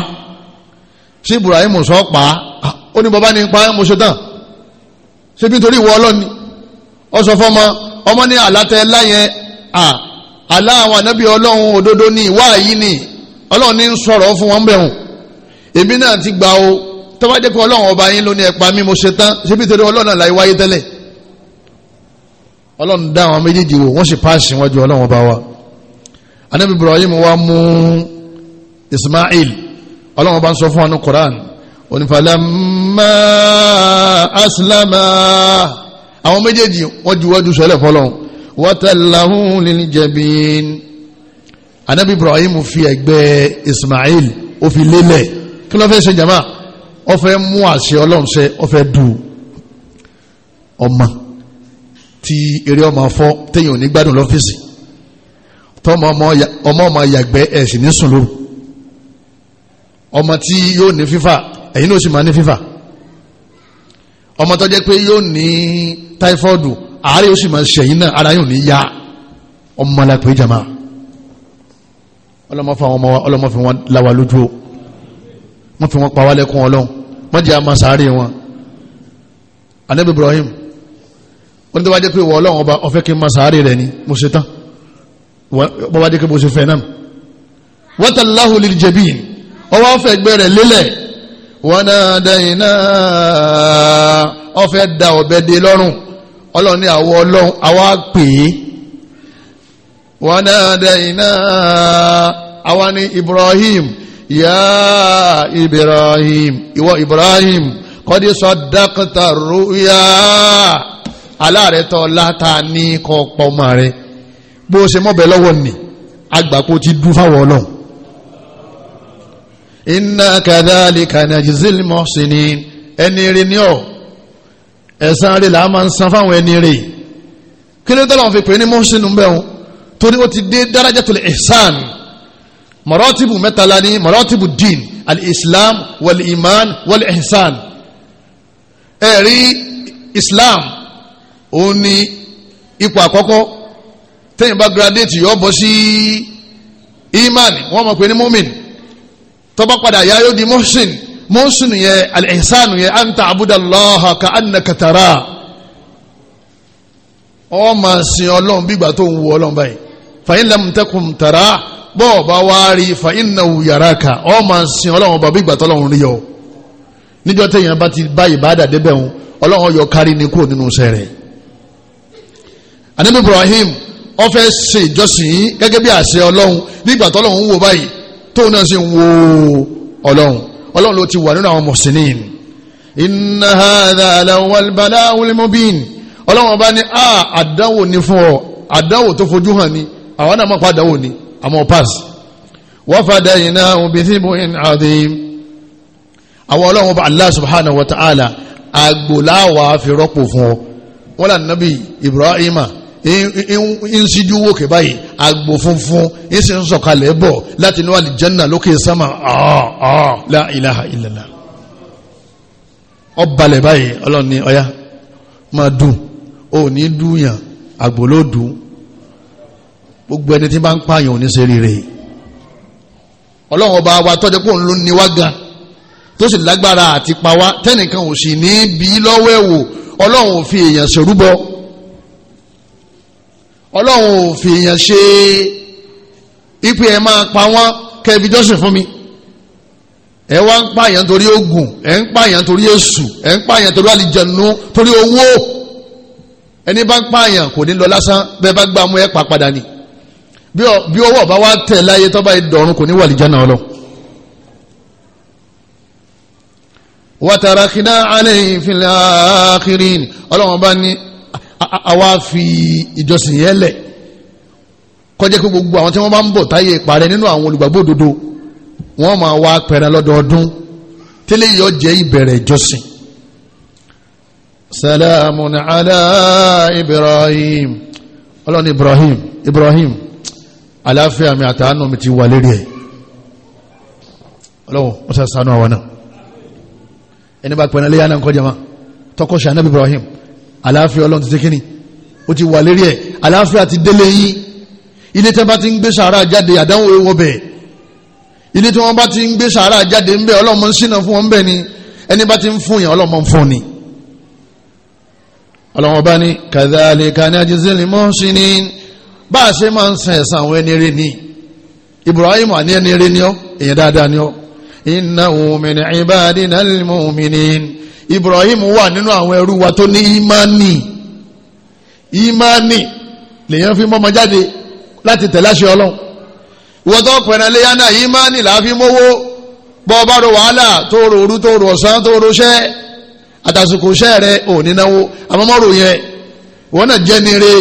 A: sí Ibrahim sọ pa á ó ní bàbá ní pa á mo ṣe tán ṣé bí nítorí ìwọ ọlọ́run ni ọ sọ fọmọ ọmọ ní àlátẹ láyẹn à àlá àwọn ànábì ọlọ́run òdodo ní ìwà yìí ni ọlọ́run ní ń sọ̀rọ̀ fún wọn bẹ̀rùn èmi náà ti gbà o tọ́wádé kọ́ ọlọ́run ọba yín ló ní ẹ̀pá mi mo ṣe tán ṣé bí nítorí ọlọ́run àlàyé wáyé tẹ́lẹ̀ ọlọ́run dá àwọn méjèèjì wò wọ́n sì páàsì wájú ọlọ́run bá wa anabi ibrahim wa mú ismail ọlọ́run bá ń sọ fún anu quran onífàlámà asilámà àwọn méjèèjì wọ́n ju wájú sọlẹ̀ fọlọ́run wàtàláhùn lil jabin anabi ibrahim fi ẹ̀gbẹ́ ismail ó fi lélẹ̀ kí ló fẹ́ ṣe jama ó fẹ́ mú àṣẹ ọlọ́run ṣe ó fẹ́ du ọmọ Ti eré ọmọ fọ́ téèyàn ò ní gbádùn lọ́fíìsì tọmọ ọmọ ọmọ yàgbẹ́ ẹ̀ sì ní sùn lóru ọmọ tí yóò ní fífà ẹ̀yin náà sì máa ní fífà ọmọ tó jẹ́ pé yóò ní táífọ́ọ̀dù àárẹ̀ yóò sì máa ṣẹ̀yìn náà ara yóò ní yá ọmọ alápè jama ọlọ́mọ fún àwọn ọmọ wa ọlọ́mọ fún wọn láwa lójú o wọ́n fi wọn pa wálẹ́kùn ọlọ́run wọ́n jẹ́ àmà sáré wọn anabi Ibrahim wọ́n tó bá jẹ́ pé wọ́n ọlọ́run ọba ọ̀fẹ́ kí n máa sàárè rẹ̀ ni mo ṣe tán wọ́n bá jẹ́ pé mo ṣe fẹ́ náà wọ́tàláhùn lè jẹ̀bi ọwọ́ ọ̀fẹ́ gbẹ́ rẹ̀ lélẹ̀ wọ́n náà dẹ́yìn náà ọ̀fẹ́ da ọ̀bẹ dé lọ́rùn ọlọ́run ní àwọ̀ ọlọ́run àwa pè é wọ́n náà dẹ́yìn náà àwa ní Ibrahim yá Ibrahim ìwọ Ibrahim kọ́dí sọ dákítà rúyà aláàrẹ tọ́ láta ní kọ́ pọ̀ ọmọ rẹ bó ṣe mọ́bẹ̀ lọ́wọ́ nì agbàpọ̀ ti dú fáwọn ọlọ́run inna kadhalika najzil muhsinin ẹni rí ní ọ̀ ẹ̀san rí làá máa ń san fáwọn ẹni rí kí ló tọ́lọ́ fi pè ní muhsinu bẹ́ẹ̀ o torí ó ti dé darajatul ihsan maratibu mẹ́tàlá ní maratibu din al-islam wal-iman wal-ihsan ẹ̀rí islam òun ni ipò àkọ́kọ́ tẹ́yìn bá gradate yọ bọ́ sí imani wọ́n mọ̀ pé ní mumin tó bá padà yá yóò di mohsin mohsin yẹ al-ihsanu yẹ anta abudallaha ka anna katara ọ máa sin ọlọ́run bí ìgbà tó ń wo ọlọ́run báyìí fàyín lam takun tara bọ́ọ̀ bá wá rí fàyín náà yaraka ọ máa sin ọlọ́run bá bí ìgbà tó ọlọ́run rí yọ níjọ́ tẹ̀yìn bá ti bá ìbáàdà débẹ̀ òun ọlọ́run yọ kárí ni kúrò nínú sẹ́rẹ̀ẹ́ anabi ibrahim ó fẹ́ ṣe ìjọsìn gẹ́gẹ́ bí àṣẹ ọlọ́run nígbà tọ́lọ́run ń wo báyìí tóun náà sì ń wo ọlọ́run ọlọ́run ló ti wà nínú àwọn mọ̀sínìn inna hadha lawal bala'ul mubin ọlọ́run bá ní a àdánwò fún ọ àdánwò tó fojú hàn ni àwọn náà máa pa àdánwò ni àmọ́ pass wa fadaynahu bidhibhin adhim àwọn ọlọ́run bá allah subhanahu wa ta'ala àgbò láwàá fi rọ́pò fún ọ wọ́n lànà bí ibrahima ń síjú wòkè báyìí àgbò funfun ń sì ń sọ̀kalẹ̀ bọ̀ láti inú àlìjánà lókè sámà ah, ah, la ilaha illallah ọbalẹ̀ báyìí ọlọ́run ní ọya máa dùn ó ní dùnyàn àgbò ló dùn gbogbo ẹni tí bá ń pààyàn ò ní ṣe rere ọlọ́run ọba wa tọ́jọ́ pé òun ló ní wá gan tó sì lágbára àti pa wá tẹ́nìkan ò sì ní bí lọ́wọ́ ẹ̀wò ọlọ́run ò fi èèyàn ṣerúbọ ọlọ́run ò fìyàn ṣe ipe ẹ máa pa wọ́n kẹbi jọ́sìn fún mi ẹ wá ń pààyàn torí ogun ẹ ń pààyàn torí èṣù ẹ ń pààyàn torí àlìjẹnu torí owó ẹni bá ń pààyàn kò ní lọ lásán bẹ́ẹ̀ bá gbà mú ẹ pa padà ni bí ọwọ́ bá wá tẹ̀ láyé tọ́ba ìdọ̀rùn kò ní wà lìjẹ́ náà lọ. wàtàràkìdá alẹ́ ìfìlà àkìrín ọlọ́run bá ní àwa fi ìjọsìn yẹn lẹ̀ kọjá pé gbogbo àwọn tí wọ́n bá ń bọ̀ táyé ìparẹ́ nínú àwọn olùgbàgbọ́ òdodo wọ́n máa wá pẹ̀rẹ̀ lọ́dọọdún tẹ́lẹ̀ yọ jẹ́ ìbẹ̀rẹ̀ ìjọsìn. salamun ala ibrahim ọlọ́ni ibrahim ibrahim aláfíà mi àtàánù mi ti wà lérí ẹ̀ ọlọ́wọ́ wọ́n sá sánú àwọn náà ẹni bá pẹ̀rẹ̀ léyà náà kọjá ma tọkọ ṣe anábì ibrahim àlàáfíà ọlọ́run ti ṣe kíni ó ti wà lérí ẹ̀ àlàáfíà ti délé yín ilé tí wọ́n bá ti ń gbé sàárà jáde àdánwò ewọ́ bẹ̀ ilé tí wọ́n bá ti ń gbé sàárà jáde ńbẹ ọlọ́mọ ń fún wọn bẹ́ẹ̀ ni ẹni bá ti ń fún yẹn ọlọ́mọ ń fún ni. ọlọ́mọ bá ní kadhalika najzil muhsinin bá a ṣe máa ń san ẹ̀san àwọn ẹni rẹ ni Ibrahim àní ẹni rẹ ni ọ èèyàn dáadáa ni ọ innahu min ibadina al-mu'minin Ibrahim wà nínú àwọn ẹrú wa tó ní ìmánì ìmánì lèyàn fi mọ́mọ jáde láti tẹ̀lé àṣẹ Ọlọ́run wọ́n tó pẹ̀rẹ̀ léyà náà ìmánì làá fi mówó bọ́ ọba ro wàhálà tó ro òru tó ro ọ̀sán tó ro ṣẹ́ àtàsùkò ṣẹ́ rẹ ò ní náwó àmọ́mọ́rò yẹn wọ́n náà jẹ́ nire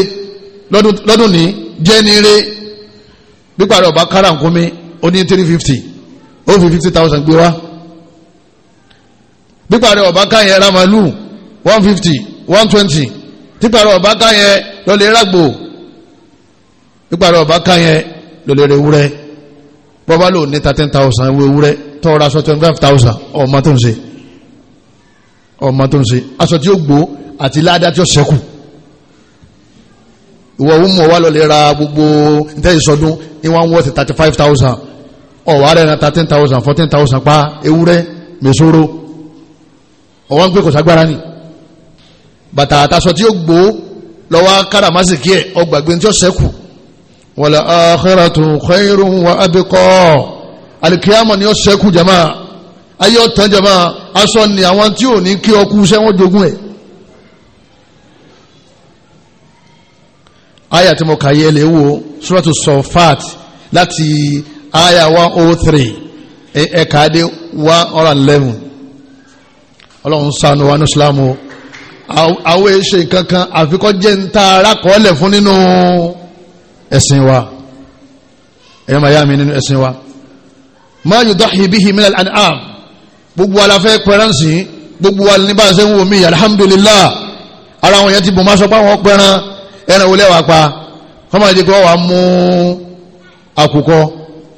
A: lọ́dún ní jẹ́ nire pípàrọ̀ ọba káràǹkómi ó ní three fifty ó fi fifty thousand gbé wá pípàrọ̀ ọ̀bá káyẹn ramalu màálù one fifty one twenty pípàrọ̀ ọ̀bá káyẹn lọ́lẹ̀ rágbò pípàrọ̀ ọ̀bá káyẹn lọ́lẹ̀ rẹ̀ wúrẹ́ bọ́bá lò níta ten thousand ewé wúrẹ́ tọ́ra aṣọ twenty five thousand ọmọ tó ń ṣe ọmọ tó ń ṣe aṣọ tí ó gbó àti ládàá tí ó ṣẹ́kù ìwọ ohun mọ̀ wá lọ́lẹ̀ ra gbogbo ntẹ́ ìsọdún ni wọ́n wọ́n ti thirty five thousand ọ̀wà rẹ̀ na thirteen thousand fourteen thousand pa ewúrẹ́ mẹ́sọ́rọ́ ọ̀wá ń pè kò ságbára ni bàtà àtàṣọ tí ó gbó lọ́wọ́ káràmásìkí ẹ̀ ọgbàgbé tí ó sẹ́kù wal akhiratu khairun wa abqa alikiyama ni ó jama ayé ọ̀tán jama aṣọ ni àwọn tí ò ní kí ọkú sẹ́wọ́n jogún ẹ̀. aya tí wo suratu sọfat láti aya one oh three ẹ̀ka dé one hundred eleven ọlọ́run sànù wa ní islamu àwọn èṣe kankan àfikọ́ jẹ́ ń ta ara kọ́ọ̀lẹ̀ fún nínú ẹ̀sìn wa ẹ̀yọ́ màá yá mi nínú ẹ̀sìn wa ma yudahi bihi min al-an'am gbogbo aláfẹ́ pẹ̀rẹ́nsì gbogbo wa ní báyìí sẹ́wọ́n mi alhamdulillah ara wọn yẹn ti bò má sọ pé àwọn pẹ̀rẹ́ ẹran wọlé wa pa kọ́mọ̀dé kọ́ wa mú àkùkọ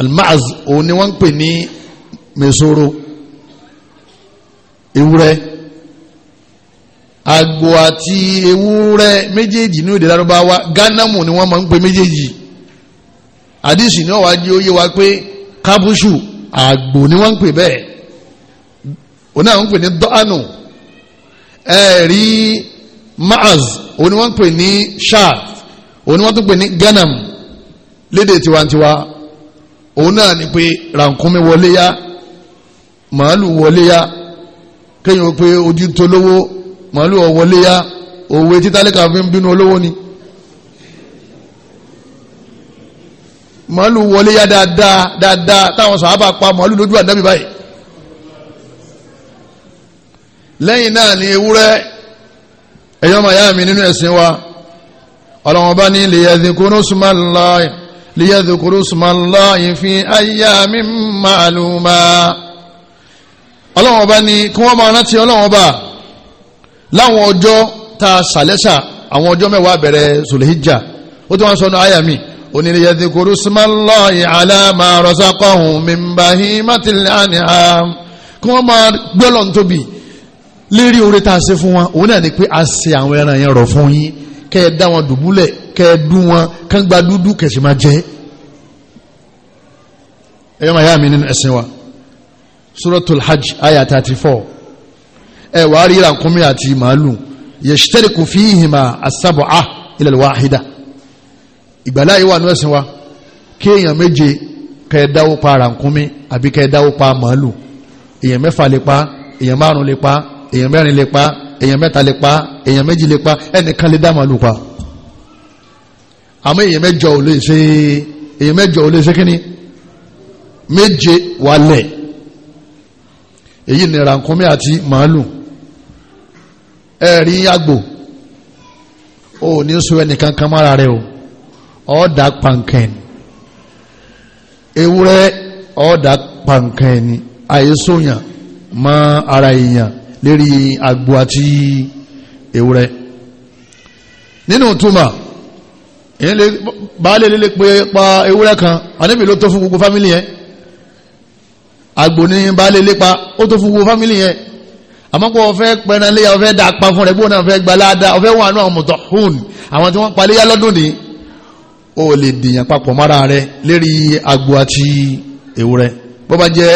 A: almaz òun ni wọ́n ń pè ní mesoro ewúrẹ́ agbo àti ewúrẹ́ méjèèjì ní òde lárúbáwá gánámù ni wọ́n máa ń pè méjèèjì àdìsí ní ọ̀wájú ó yé wa pé kábúṣù àgbò ni wọ́n ń pè bẹ́ẹ̀ òun náà ń pè ní dọ́ánù ẹ̀rí maaz òun ni wọ́n ń pè ní shaat òun ni wọ́n tún pè ní ganam lédè tiwantiwa òun náà ni pé rànkúnmi wọlé yá màálù wọlé yá kéèyàn pé ojú tó lówó màálù ọ̀ wọlé yá òwe títàlẹ́kà fi ń bínú olówó ni màálù wọlé yá dáadáa dáadáa táwọn sàábà pa màálù lójú àdábì báyìí lẹ́yìn náà ni ewúrẹ́ ẹ̀yọ́ màyá mi nínú ẹ̀sìn wa ọlọ́wọ́n bá ní lè ẹ̀dínkù ní sùmọ́ láì. ليذكروا اسم الله في أيام معلومة ọlọ́wọ́n ọba ni kí wọ́n máa rántí ọlọ́wọ́n ọba láwọn ọjọ́ tá a ṣàlẹ́ṣà àwọn ọjọ́ mẹ́wàá bẹ̀rẹ̀ zulhijja ó ti wọ́n sọ ní àyà mi onílé yadhkuru ismallahi ala ma razaqahum min bahimatil an'am kí wọ́n máa gbọ́lọ̀ ń tóbi lérí oore tá ṣe fún wọn òun náà ni pé a ṣe àwọn ẹran yẹn rọ̀ fún yín kẹ́ ẹ dá wọn dùbúlẹ̀ kẹ́ẹ̀dún wọn kán gba dúdú kẹ̀sì máa jẹ́ ẹ̀yọ́ máa yá mi nínú ẹ̀sìn wa suratul hajj aya thirty four ẹ̀ wàá rí ràkúnmí àti màálù yashtariku fihima as-sab'a ila al-wahida ìgbàláyé wà nínú ẹ̀sìn wa kéèyàn méje kẹ́ẹ̀dáwó pa ràkúnmí àbí kẹ́ẹ̀dáwó pa màálù èèyàn mẹ́fà lè pa èèyàn márùn lè pa èèyàn mẹ́rin lè pa èèyàn mẹ́ta lè pa èèyàn méjì lè pa ẹnìkan lè dá màálù pa àmọ́ èyàn mẹ́jọ ò lè ṣe èyàn mẹ́jọ ò lè ṣe kínní méje wálẹ̀ èyí ni rànkúnmí àti màálù ẹ̀rí àgbò ò ní sọ ẹnìkan kan mára rẹ o ọ̀ọ́dà pankẹ́ni ewúrẹ́ ọ̀ọ́dà pankẹ́ni àìsóyàn mọ́ ara èèyàn lérí àgbò àti ewúrẹ́ nínú túmọ̀ baálé lè pe pa ewúrẹ́ kan ànábì ló tó fún gbogbo fámílì yẹn àgbò ní baálé lè pa ó tó fún gbogbo fámílì yẹn àmọ́kọ́ ọ̀fẹ́ pẹran léyà ọ̀fẹ́ dà pa fún rẹ̀ gbóhùn náà ọ̀fẹ́ gba láàdá ọ̀fẹ́ wọn àánú àwọn mọ̀tọ̀ hùn àwọn tí wọ́n pa léyà lọ́dún ní ó lè dìyàn papọ̀ mọ́ra rẹ̀ lérí àgbò àti ewúrẹ́ bó bá jẹ́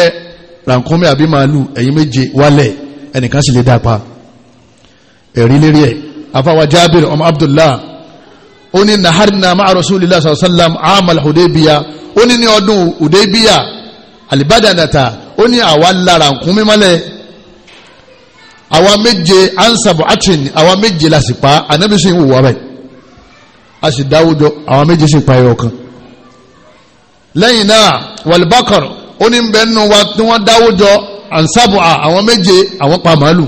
A: rànkúnmí àbí màálù ẹ̀yìn méje wálẹ̀ ẹnìkan sì lè dà pa ẹ̀rí lérí ẹ̀ afáwa Jábìr Abdullah ó ní naharina ma'a rasulillah sallallahu alaihi wasallam amal hudaybiya ó ní ní ọdún hudaybiya alibadanata ó ní àwa lára nkún mímọ́lẹ̀ àwa méje ansabu atin àwa méje la sì pa anabi sì ń wò wá bẹ́ẹ̀ a sì dáwùjọ pa ẹyọ kan náà walbakar ó ní wa tí wọ́n dáwùjọ ansabu àwọn méje àwọn pa màálù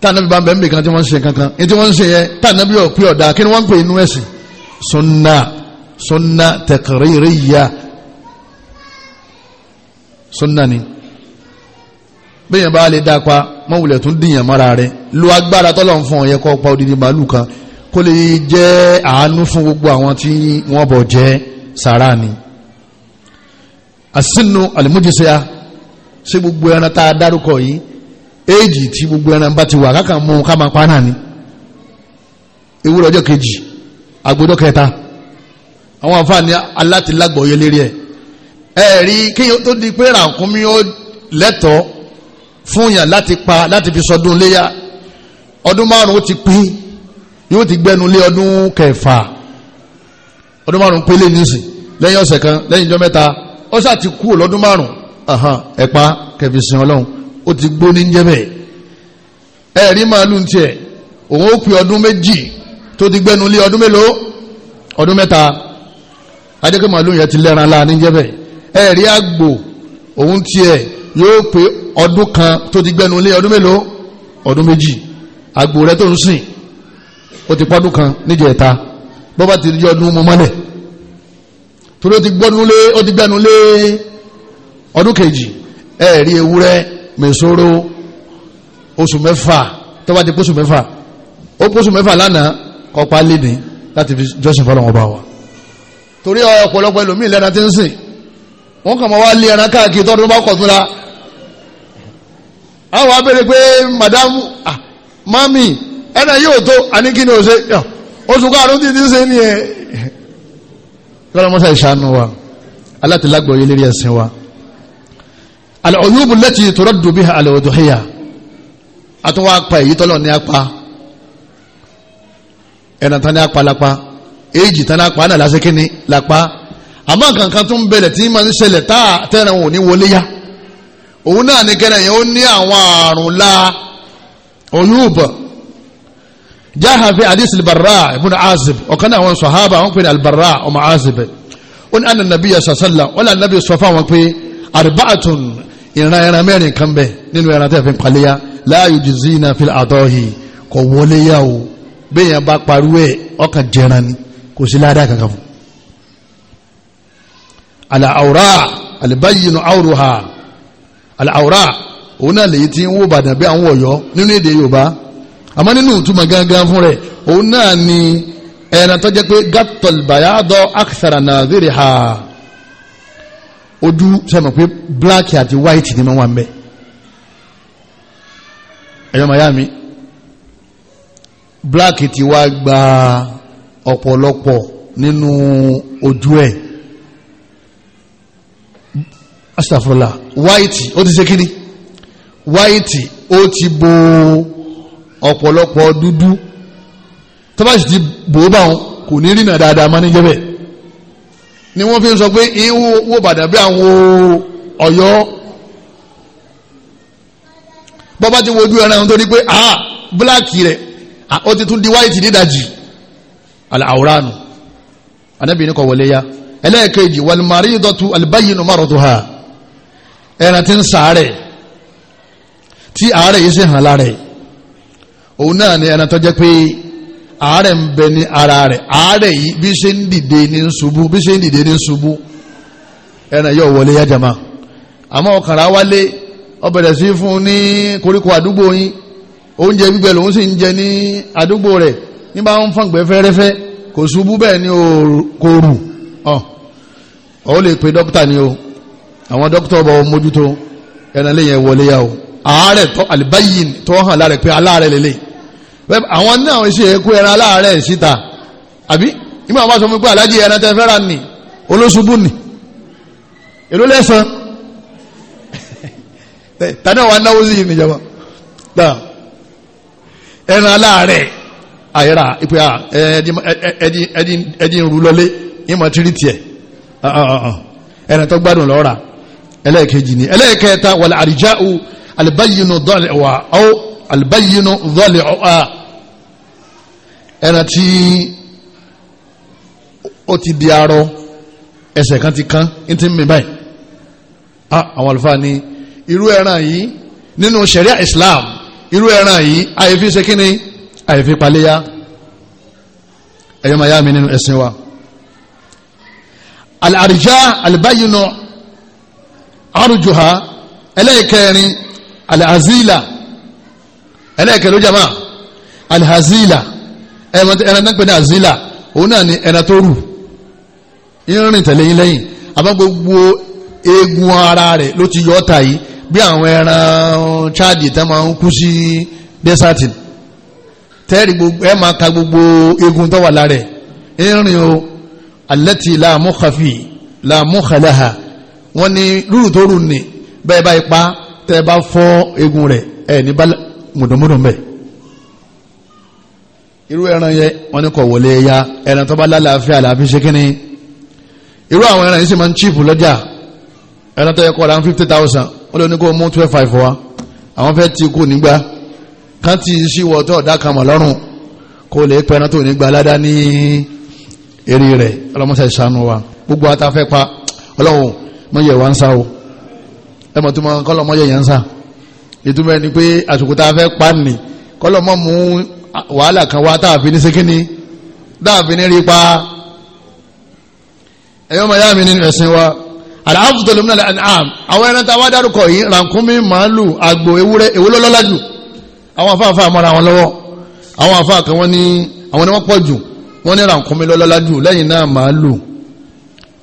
A: tànàbí bá ń bẹ ń bẹ kan tí wọ́n ń ṣe kankan ní tí wọ́n ń ṣe yẹ tànàbí ọ̀pẹ ọ̀dà kí ni wọ́n ń pè inú ẹ̀sìn sunna sunna taqririyya sunna ni bẹ́yẹn bá lè dápa mọ́wulẹ̀ tún dìyàn mọ́ra rẹ̀ lo agbára tọ́lọ̀ ń fún ọ̀yẹ́ kọ́ pa odidi màálù kan kó lè jẹ́ àánú fún gbogbo àwọn tí wọ́n bọ̀ jẹ́ sàrá ni àsìnú àlùmújíṣẹ́ sí gbogbo ẹran tá a dárúkọ yìí éèjì tí gbogbo ẹran bá ti wà káka mú ká máa pa náà ni ewúrẹ́ ọjọ́ kejì agbọ́dọ̀ kẹta àwọn àǹfààní alátilágbọ̀ọ́yé lérí ẹ̀ ẹ rí kéèyàn tó di pé ràkúnmí ó lẹ́tọ̀ọ́ fún yàn láti pa láti fi sọdún léyà ọdún márùn-ún ti pín yóò ti gbẹnu lé ọdún kẹfà ọdún márùn-ún pélé nísìn lẹ́yìn ọ̀sẹ̀ kan lẹ́yìn ọjọ́ mẹ́ta ọ̀sà ti kú lọ́dún márùn-ún ẹ̀pa kẹfì sìn ọlọ́run ó ti gbó ní jẹ́bẹ̀ ẹ rí màálù ń tiẹ̀ òun ó pè ọdún méjì tó ti gbẹnu lé ọdún mélòó ọdún mẹ́ta adékè màálù yẹn ti lẹ́ran la ní jẹ́bẹ̀ ẹ rí àgbò òun tiẹ̀ yóò pè ọdún kan tó ti gbẹnu lé ọdún mélòó ọdún méjì àgbò rẹ tó ń sìn ó ti pọ́dún kan níjẹ̀ ẹ̀ta bó bá ti di ọdún mọ́ mọ́lẹ̀ torí ó ti gbẹnu lé ọdún kejì ẹ ewúrẹ́ mèsòrò oṣù mẹ́fà tọ́wá ti pósù mẹ́fà ó pósù mẹ́fà lánàá kọ́pá lédè láti fi jọ́sìn fọlọ́wọ́n bá wa torí ọ̀pọ̀lọpọ̀ ẹlòmíì lẹ́ran tí ń sìn wọ́n kàn máa wá lé ẹran káàkiri tọ́dún bá kọ̀ túnra àwọn abẹ́rẹ́ pé madamu ah mami ẹ̀rọ yóò tó àníkíni ò ṣe oṣù karùn-ún ti ti ṣe ni ẹ̀ kọ́lọ́mọ́sá ìṣàánú wa aláàtìlágbọ̀ yìí lérí ẹ̀sìn wa al'uyubu lati turaddu biha al'uduhiya àtúnwá apá èyí tọ́lọ̀ ní apá ẹ̀nà tán ní apá lápá èjì tán ní apá náà lásìkí ní lápá àmọ́ kankan tó ń bẹ̀rẹ̀ tí máa ń ṣẹlẹ̀ tá tẹ́ran òun ní wọlé yá òun náà ní kẹrẹ yẹn ó ní àwọn àrùn la uyubu jaha fi hadith albarra ibn azib ọ̀kan náà àwọn sahaba wọn pe ní albarra ọmọ azib ó ní ànà nàbíyà sàṣàlà wọn là nàbíyà sọ fáwọn pé arbaatun ìran ẹran mẹ́rin kan bẹ̀ nínú ẹran tẹ́ fi paléyà la yujzina fil adahi kò wọlé yá o béèyàn bá parú ẹ̀ ọkàn jẹran ni kò sí ládàá kankan fún. àlàáwòrán àlìbáyìnú àwòrán àlàáwòrán òun náà lèyí tí ń wó bàdàn bí àwọn ọ̀yọ́ nínú èdè yorùbá àmọ́ nínú ìtumọ̀ gángan fún rẹ̀ òun náà ni ẹran tó pé gàtọ̀lbàyàdọ̀ akthara nadhiriha ojú sẹ́mọ̀ pé black àti white ni wọ́n wà ń bẹ́ ẹ̀yọ́ miami black ti wá gba ọ̀pọ̀lọpọ̀ nínú ojú ẹ̀ astagfirullah white ó ti ṣe kíní white ó ti bo ọ̀pọ̀lọpọ̀ dúdú tó bá sì ti bò ó bá wọn kò ní rìnà dáadáa má ní jẹ́ bẹ́ẹ̀ ni wọ́n fi ń sọ pé ìwò wò bàdàn bí àwọn ọ̀yọ́ bọ́bá ti wojú ẹran tó ní pé ah bíláàkì rẹ̀ ah, ó ti tún di wáìtì nídàjì àwòránù anábì ní kò wọlé ya ẹlẹ́ẹ̀kejì wàlùmárì ìdọ̀tù àlùbáyìnú márùtù ha ẹran ti ń sàárẹ̀ tí àárẹ̀ yìí sì hàn lára ẹ̀ òun náà ni ẹran tó jẹ́ pé àárẹ̀ ń bẹ ní ara rẹ̀ àárẹ̀ yìí bí ṣe ń dìde ní ń bí ṣe ń dìde ní ń ṣubú yóò wọlé ọkàrà wálé sí fún ní koríko àdúgbò yín oúnjẹ gbígbẹ lòun sì ń jẹ ní àdúgbò rẹ̀ kò ṣubú ni kò rù ọ̀ pe dókítà ni o àwọn dókítà ọba mójútó lè yẹn wọlé yá o àárẹ̀ tó tó àwọn náà ṣe èkó ẹran aláàárẹ̀ síta àbí ìmọ̀ àwọn aṣọ́mi pé aláàjì ẹran tẹ fẹ́ràn ni olóṣubú ni èló lẹ́sàn *laughs* tani àwọn anáwó sí yìí níjàmbá náà ẹran aláàárẹ̀ àyẹ̀rà ìpè à ẹ̀dín rú lọlé ìmọ̀ tírítì ẹ̀ ẹran tó gbádùn lọ́ra ẹlẹ́ẹ̀kejì ni ẹlẹ́ẹ̀kẹta wàlẹ̀ àríjáù alìbáyínú dọ́lẹ̀ wà áwọ̀ alìbáyínú dọ́lẹ̀ ọ̀hà ẹran tí ó ti di arọ ẹsẹ̀ kan ti kán ní ti ń mì báyìí ah àwọn àlùfáà ni irú ẹran yìí nínú ṣẹ̀ríà Islam irú ẹran yìí àyèfi ṣe kí ni àyèfi paléyà ẹ̀yọ́ màá yá mi nínú ẹ̀sìn wa alàrìjá albayinu arjuha ẹlẹ́ẹ̀kẹrin alàzílà ẹlẹ́ẹ̀kẹrin ló jẹ́ máa alhazila. Al ẹran náà pé ní azila òun náà ni ẹran tó rù irin tẹ̀lé yín lẹ́yìn àbá gbogbo eegun ara rẹ̀ ló ti yọ ọ́ ta yìí bí àwọn ẹran chadi tẹ́ máa ń kú sí desert tẹ́rì gbogbo ẹ máa ka gbogbo eegun tó wà lára ẹ̀ irin o alẹ́tì làmúkàfì làmúkàláha wọ́n ní rúrù tó rù ní bẹ́ẹ̀ bá ipa tẹ́ bá fọ́ eegun rẹ̀ ẹ̀ ní bá mùdùmùdù bẹ́ẹ̀ irú ẹran yẹ wọ́n ní kò wọlé ya ẹran tó bá lálàáfíà làáfi ṣe kínní irú àwọn ẹran yìí sì máa ń chíìpù lọ́jà ẹran tó yẹ kọ́ ra ń fifty thousand wọ́n lè ní kó mú twelve five wa àwọn fẹ́ ti kú nígbà kán ti sí wọ́tọ́ ọ̀dà kan mọ̀ lọ́rùn kó lè pẹ́ ẹran tó nígbà aládá ní eré rẹ̀ ọlọ́mọṣẹ́ ìṣàánú wa gbogbo àtàfẹ́ pa ọlọ́run mọ̀yẹ̀ wá ń sá o ẹ mọ̀ tó mọ̀ kọ́ lọ́mọ̀yẹ̀ yẹn ń sá ìtumọ̀ ẹni pé àsìkò tá fẹ́ pa nìyí kọ́lọ́ mọ́ mú wàhálà kan wá táàfin ní sékíní táàfin ní rí pa ẹ̀yọ́ mọ̀ yá mi nínú ẹ̀sìn wa àlàáfùtòlù mi nàlẹ́ àm àwọn ẹran tá a wá dárúkọ yìí rànkúnmí màálù àgbò ewúrẹ́ èwúlọ́lọ́lá jù àwọn afáàfáà mọ́ra wọn lọ́wọ́ àwọn afáà kan wọ́n ní àwọn ni wọ́n pọ̀ jù wọ́n ní rànkúnmí lọ́lọ́lá jù lẹ́yìn náà màálù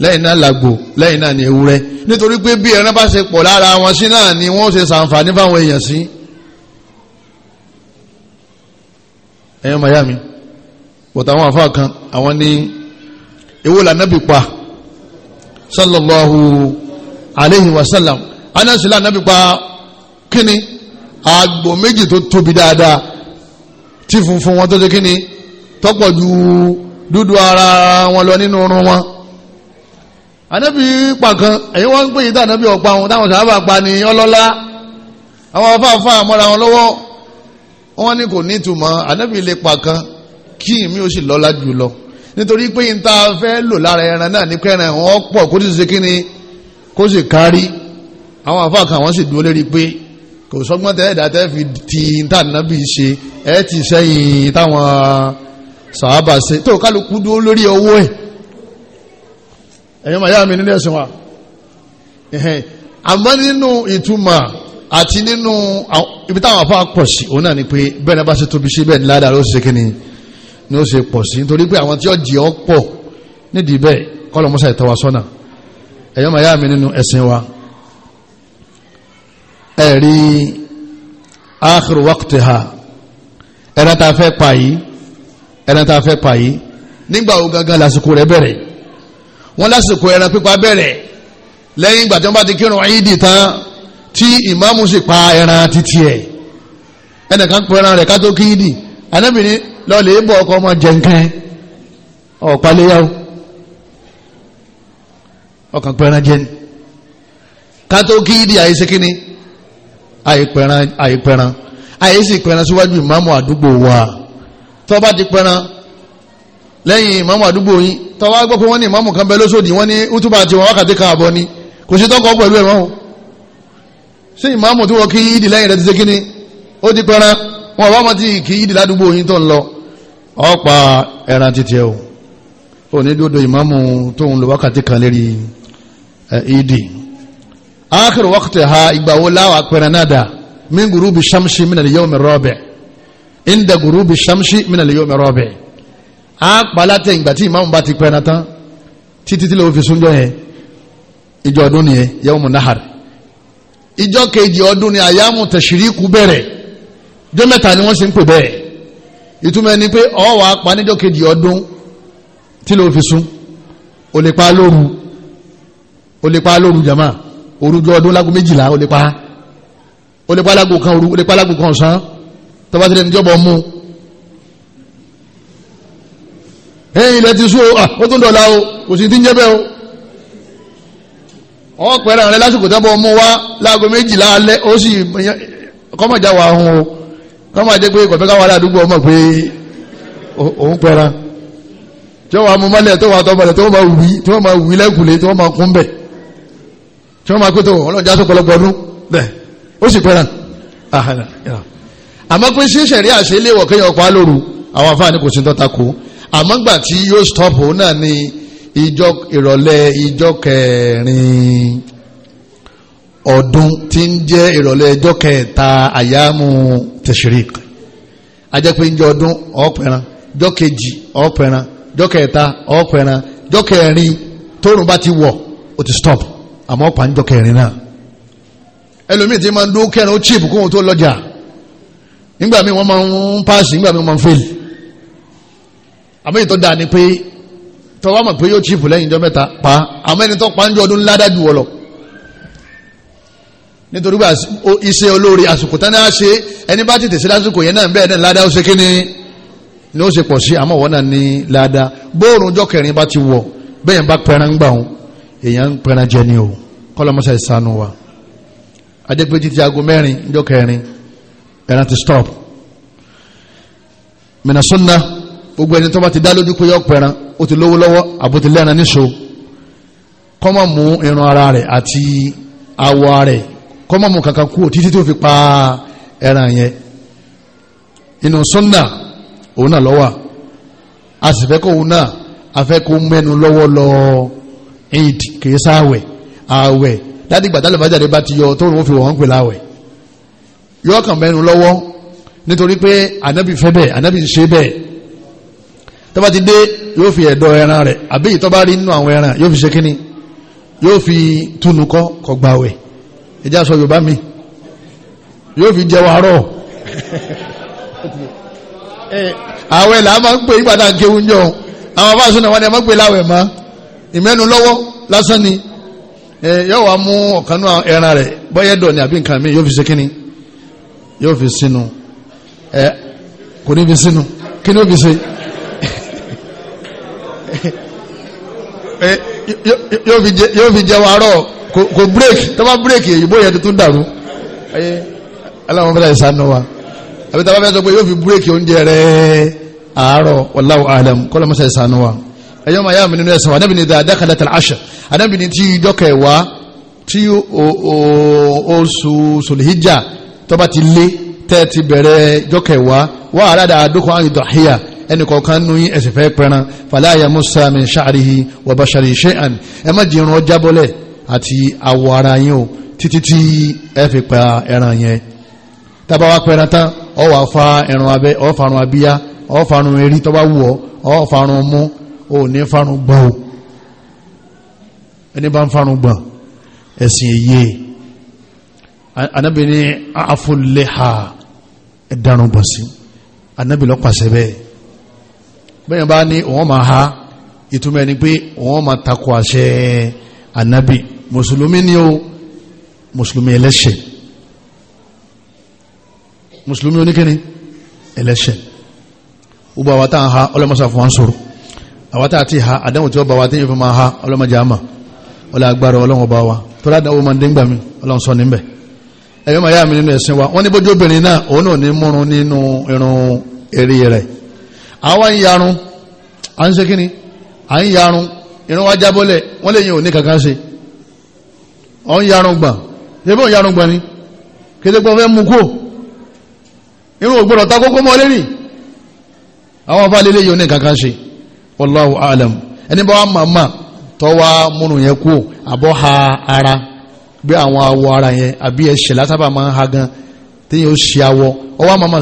A: lẹ́yìn náà làgbò lẹ́yìn náà ní ewúrẹ́ nítorí pé bí ẹran bá ṣe pọ̀ lára wọn sí náà ni wọ́n ṣe ṣàǹfààní fáwọn èèyàn sí ẹ̀yàn miami bọ̀tà àwọn àfáà kan àwọn ní ewu lànàbì pa sallallahu alayhi wa sallam anasi lànàbì pa kíni agbo méjì tó tóbi dáadáa tí funfun wọn tó ṣe kíni tọ́pọ̀ ju dúdú ara wọn lọ nínú irun wọn anabi pàkan ẹ̀yin wọn ń pè yí tá anabi ọ̀pá wọn táwọn sábà pa ni ọlọ́lá àwọn afáàfáà mọ́ra wọn lọ́wọ́ wọ́n ní kò ní ìtumọ̀ ànábì lè pa kan kí mi ò sì lọ́lá jù lọ nítorí pé n ta fẹ́ lò lára ẹran náà ní pẹ́ẹ́rẹ́ wọn pọ̀ kó sì ṣe kí ni kó sì kárí àwọn àfáà kan wọ́n sì dúró lérí pé kò sọ́gbọ́n tẹ́ ẹ̀dá tẹ́ fi ti n ta ànábì ṣe ẹ̀ ti sẹ́yìn táwọn sàábà ṣe tó kálukú dúró lórí owó ẹ̀ ẹ̀yọ́ màá yá mi nílẹ̀ ẹ̀sìn wa àmọ́ nínú ìtumọ̀ àti nínú ibi táwọn afá pọ̀ sí òun náà ni pé bẹ́ẹ̀ náà bá ṣe tóbi sí bẹ́ẹ̀ ni ládàá ló ṣe kí ni ni ó ṣe pọ̀ sí nítorí pé àwọn tí ó jì ọ́ pọ̀ nídìí bẹ́ẹ̀ kọ́lọ̀ mọ́sá ìtọ́wà sọ́nà ẹ̀yọ́ màá yá mi nínú ẹ̀sìn wa ẹ̀rí áàkìrò wákùtì ha ẹran tá a fẹ́ pa yìí ẹran tá a fẹ́ pa yìí nígbà wo gangan lásìkò rẹ̀ bẹ̀rẹ̀ wọ́n lásìkò ẹran pípa bẹ̀rẹ̀ lẹ́yìn ìgbà tí wọ́n bá ti kírun ayídì tán tí ìmáàmù sì pa ẹran títí ẹ̀ ẹnìkan pẹ ẹran rẹ̀ ká tó kí ìdì anábìrin lọ́ọ̀lẹ̀ ébọ̀ ọkọ̀ ọmọ jẹ̀ǹkẹ́ ọ̀páléyàwó ọkàn pẹran jẹ ni ká tó kí ìdì àyèsí kíni pẹran síwájú ìmáàmù àdúgbò wa tó bá ti pẹran lẹ́yìn ìmáàmù àdúgbò yín tó wá gbọ́ pé wọ́n ní ìmáàmù kan bẹ lóṣòdì wọ́n ní útúbà àti wọn wákàtí kan àbọ̀ ni kò sí tọ́kọ̀ pẹ̀lú ẹ̀ mọ́ ṣé ìmáàmù tí wọ́n kí yídì lẹ́yìn rẹ ti ṣe kí ni ó ti pẹran wọn bá wọn ti kí yídì ládùúgbò yín tó ń lọ ọ̀pá ẹran títí o ò ní dúdú ìmáàmù tó ń lo wákàtí kan lérí yídì ákìrì wákàtí ha ìgbà wo láwà pẹran náà dà min gurubi shamsi min al-yawmi ar-rabi inda gurubi shamsi min al-yawmi ar-rabi á palatẹ ìgbà tí ìmáàmù bá ti pẹran tán títí tí lè fi súnjọ yẹn ìjọ ọdún nìyẹn yawmu nahar ìjọ kejì ọdún ni àyàmù tẹ̀síríkù bẹ̀rẹ̀ jọ́ mẹ́ta ni wọ́n sì ń pè bẹ́ẹ̀ ìtumọ̀ ẹni pé ọ̀ wàá pa níjọ́ kejì ọdún tí ló fi sùn ó lè pa lóru ó lè pa lóru jama orújọ ọdún lágùn méjìlá ó lè pa ó lè pa lágùn kan òru ó lè pa lágùn kan ọ̀sán tọ́ba tilẹ̀ níjọba mú ẹ̀yìn ilẹ̀ ti sún o ah, ó tún dọ̀la o kò sì ti ń jẹ́ bẹ́ẹ̀ o wọ́n pẹ̀rẹ̀ rẹ lásìkò tó bọ́ mú láago méjìlá alẹ́ ó sì kọ́mọ̀já wà hùn o kọ́mọ̀já pé kọ̀fẹ́ káwọn aládùúgbò ọmọ pé òun pẹ̀ra tí wọ́n mú mọ́lẹ̀ tó wà tọ́ mọ́lẹ̀ tí wọ́n máa wí tí wọ́n máa wí lẹ́kùlé tí wọ́n máa kún bẹ̀ tí wọ́n máa kó tó ọlọ́jà tó pọ̀lọpọ̀ ọdún bẹ́ẹ̀ ó sì pẹ̀ra ah, àmọ́ pé ṣíṣẹ̀ rí àṣẹ ilé ìwọ̀ kéèyàn pa lóru àwọn afáàní kò sí tọ́ta kó àmọ́ gbà tí yóò stop òun náà ni ìjọ ìrọ̀lẹ́ ìjọ kẹrin ọdún tí ń jẹ́ ìrọ̀lẹ́ ìjọ kẹta àyámú tẹ̀sírík ajẹ́pẹ́ ìjọ ọdún ọ̀pẹ̀ran ìjọ kejì ọ̀pẹ̀ran ìjọ kẹta ọ̀pẹ̀ran ìjọ kẹrin tóorùn bá ti wọ̀ ó ti stop àmọ́ ọ̀pá ìjọ kẹrin náà ẹlòmíì tí máa ń dún kẹrin ó chip kóhun tó lọ́jà nígbà míì wọ́n máa ń pass nígbà míì wọ́n máa ń fail àmọ́ ìtọ́ dáa ni pé tọ́wọ́ mọ̀ pé yóò chífù lẹ́yìn ìjọ mẹ́ta pa àmẹ́ni tó pàǹjọ ọdún ládájú wọ́lọ nítorí pé iṣẹ́ olóore àsìkò tán náà ṣe ẹni bá tètè sí lásìkò yẹn náà bẹ́ẹ̀ náà ládá ó ṣe kí ni ni ó ṣe pọ̀ sí àmọ́ wọ́n náà ní ládá bóòrùn ọjọ́ kẹrin bá ti wọ̀ bẹ́ẹ̀ bá pẹran gbà wọn èèyàn pẹran jẹ ni o kọ́lọ́mọṣà ìsanu wa adépé títí aago mẹ́rin ọjọ́ kẹrin ẹran ti stop mìnà sunna gbogbo ẹni tó bá ti dá lójú pé yọ pẹran ó ti lówó lọ́wọ́ àbótilé ẹran níṣó kọ́mọ̀ mú irun ara rẹ̀ àti awọ rẹ̀ kọ́mọ̀ mú kankan kú títí tó fi pa ẹran yẹn inú sunna òun náà lọ́wọ́ a sì fẹ́ kó òun náà a fẹ́ kó mẹ́nu lọ́wọ́ lọ eid kìí sáwẹ̀ àwẹ̀ láti ìgbà tálẹ̀ bá ti yọ tó rún fi wọ́n pè láwẹ̀ yọ kàn mẹ́nu lọ́wọ́ nítorí pé ànábì fẹ́ bẹ́ẹ̀ ànábì ṣe bẹ́ẹ̀ tó ti dé yóò fi ẹ̀dọ̀ ẹran rẹ̀ àbí ìtọ́ bá rí nínú àwọn ẹran yóò fi ṣe kíní yóò fi túnukọ́ kọgbàwẹ̀ ẹjá sọ yorùbá mi yóò fi jẹ wàárọ̀ *laughs* eh. àwẹ̀ là máa ń pè ìgbàdá kéwú jọ àwọn bá sọnà wọn ni a máa ń pè láwẹ̀ mọ́ ìmẹ́nu lọ́wọ́ lásán ni yóò wá mú ọ̀kan ẹran rẹ̀ bọ́yẹ̀dọ̀ ni àbí nǹkan mi yóò fi ṣe kíní yóò fi sínú kò ní fi sínú kí ó fi ṣe. Eh, yóò fi jẹun àárọ̀ kò break tó bá break ìbò yẹn tuntun dàrú aláwọn fẹ́rẹ̀ ìsànú wa àbí tó bá fẹ́ sọ pé yóò fi break oúnjẹ rẹ̀ àárọ̀ wallahu alam kọ́lọ́ mọ́sẹ̀ ìsànú wa ẹ̀yọ́ máa yá mi nínú ẹ̀sán wa anábìnrin ní dáadáa kan látàrí àṣà anábìnrin tí ìjọ kẹwàá tí oṣù sòlìhíjà tó bá ti lé tẹ́ ti bẹ̀rẹ̀ ìjọ kẹwàá wà á rádà àdókò àyìn dọ̀híyà ẹnì kọ̀ọ̀kan nú yín ẹ̀sìn fẹ́ pẹran fàlàyé musa mi ṣàríhi wàbàṣàrí ṣẹ́hàn ẹ má jẹ́ irun ọjà bọ́lẹ̀ àti awọ ara yín o títí tí ẹ fi pa ẹran yẹn tábà wá pẹran tán ọ wà fa ẹran abẹ ọ farun abíyá ọ farun erí tọ́ bá wù ọ ọ farun mú ò ní farun gbọ́n o ẹni bá ń farun gbọ́n ẹ̀sìn èyí anábìnrin afúnléha ẹ̀dárun bọ̀ sí anábìlọ́pàṣẹ bẹ́ẹ̀ bẹ́yàn bá ní òun ma ha ìtumẹ̀ ni pé òun ma takò àṣẹ ànábì mùsùlùmí ni ó mùsùlùmí ẹlẹ́ṣẹ̀ mùsùlùmí oníkíní ẹlẹ́ṣẹ̀ gbogbo àwọn ha ọlọ́mọṣà fún wa ń sọ̀rọ̀ ha àdéhùn tí ó bá wa tí yóò fi máa ha ọlọ́mọjà àmà ọlọ́ agbára ọlọ́wọ́ bá wa tó mi ọlọ́run sọ níbẹ̀ ẹ̀yọ́ màá yá mi nínú ẹ̀sìn wa wọ́n ní àwa ń yarun a ń ṣe kíni a ń yarun irun wa jábọ́lẹ̀ wọ́n lè yẹn ò kankan ṣe ń yarun gbà ṣé ò ń yarun gbà ni kété fẹ́ mú kó irun ògbọ́dọ̀ ta kókó mọ́ lẹ́rìn àwọn onye lélẹ́ yìí ò ní kankan ṣe wallahu alam ẹni bá ha ara bí àwọn awọ ara yẹn àbí ha gan téèyàn ó ṣe awọ ọwọ́ màmá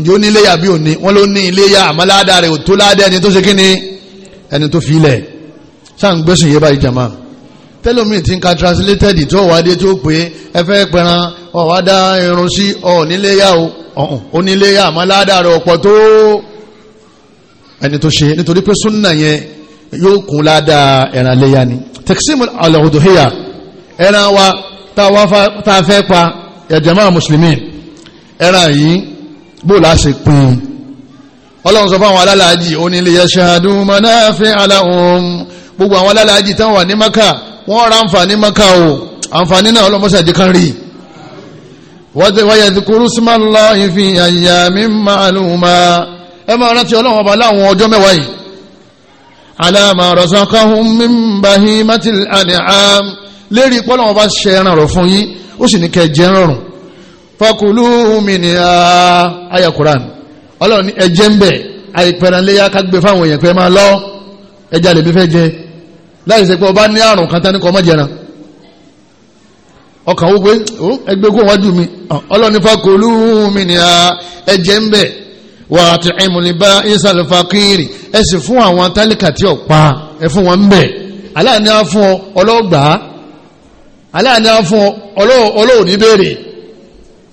A: ǹjẹ́ ó ní iléyà bí ò ní wọ́n ló ní iléyà àmọ́ ládàá rẹ̀ ò tó ládàá ẹni tó ṣe kí ni ẹni tó fi ilẹ̀ sáà ń gbẹ́sùn yé báyìí jàmá tẹ́lómi ti ń ka translated tó wà dé tó pé ẹ fẹ́ pẹran ọ̀ wá dá irun sí ọ̀ níléyà o ọ̀hún ó níléyà àmọ́ ládàá rẹ̀ ọ̀pọ̀ tó ẹni tó ṣe nítorí pé súnà yẹn yóò kún ládàá ẹran léyà ni tẹkisimu alọ́dúnhìyà ẹran wa tá a fẹ́ pa ẹ̀jẹ̀ máa mùsùlùmí ẹran yìí bó la ṣe pin ọlọ́run sọ fáwọn alálàájì ó ní lè yashadu manafi'a lahum gbogbo àwọn alálàájì táwọn wà ní maka wọ́n ra àǹfààní maka o àǹfààní náà ọlọ́mọṣẹ́ àdìkan rí wa yadhkuru ismallahi fi ayyamin ma'luma ẹ máa rántí ọlọ́run ọba láwọn ọjọ́ mẹ́wàá yìí ala ma razaqahum min bahimatil an'am lérí pọ́lọ́wọ́n bá ṣe ẹran rọ̀ fún yín ó sì ní kẹ́ rọrùn fakulu mìnìyà aya quran ọlọ́run ní ẹjẹ́ ń bẹ̀ àìpẹ̀rẹ̀lẹ́yà kágbé fáwọn èèyàn pé máa lọ ẹja lè bí jẹ láì pé ọba ní àrùn kan tán ní kọ́ mọ́jẹ̀ran ọkàn ó pé ẹgbẹ́ kó wájú mi ní fakulu mìnìyà ẹjẹ́ ń bẹ̀ wà á ti ìsàlùfà kiri ẹ sì fún àwọn ẹ fún wọn ń á fún ọ ọlọ́gbàá ọ ọlọ́ọ̀ ní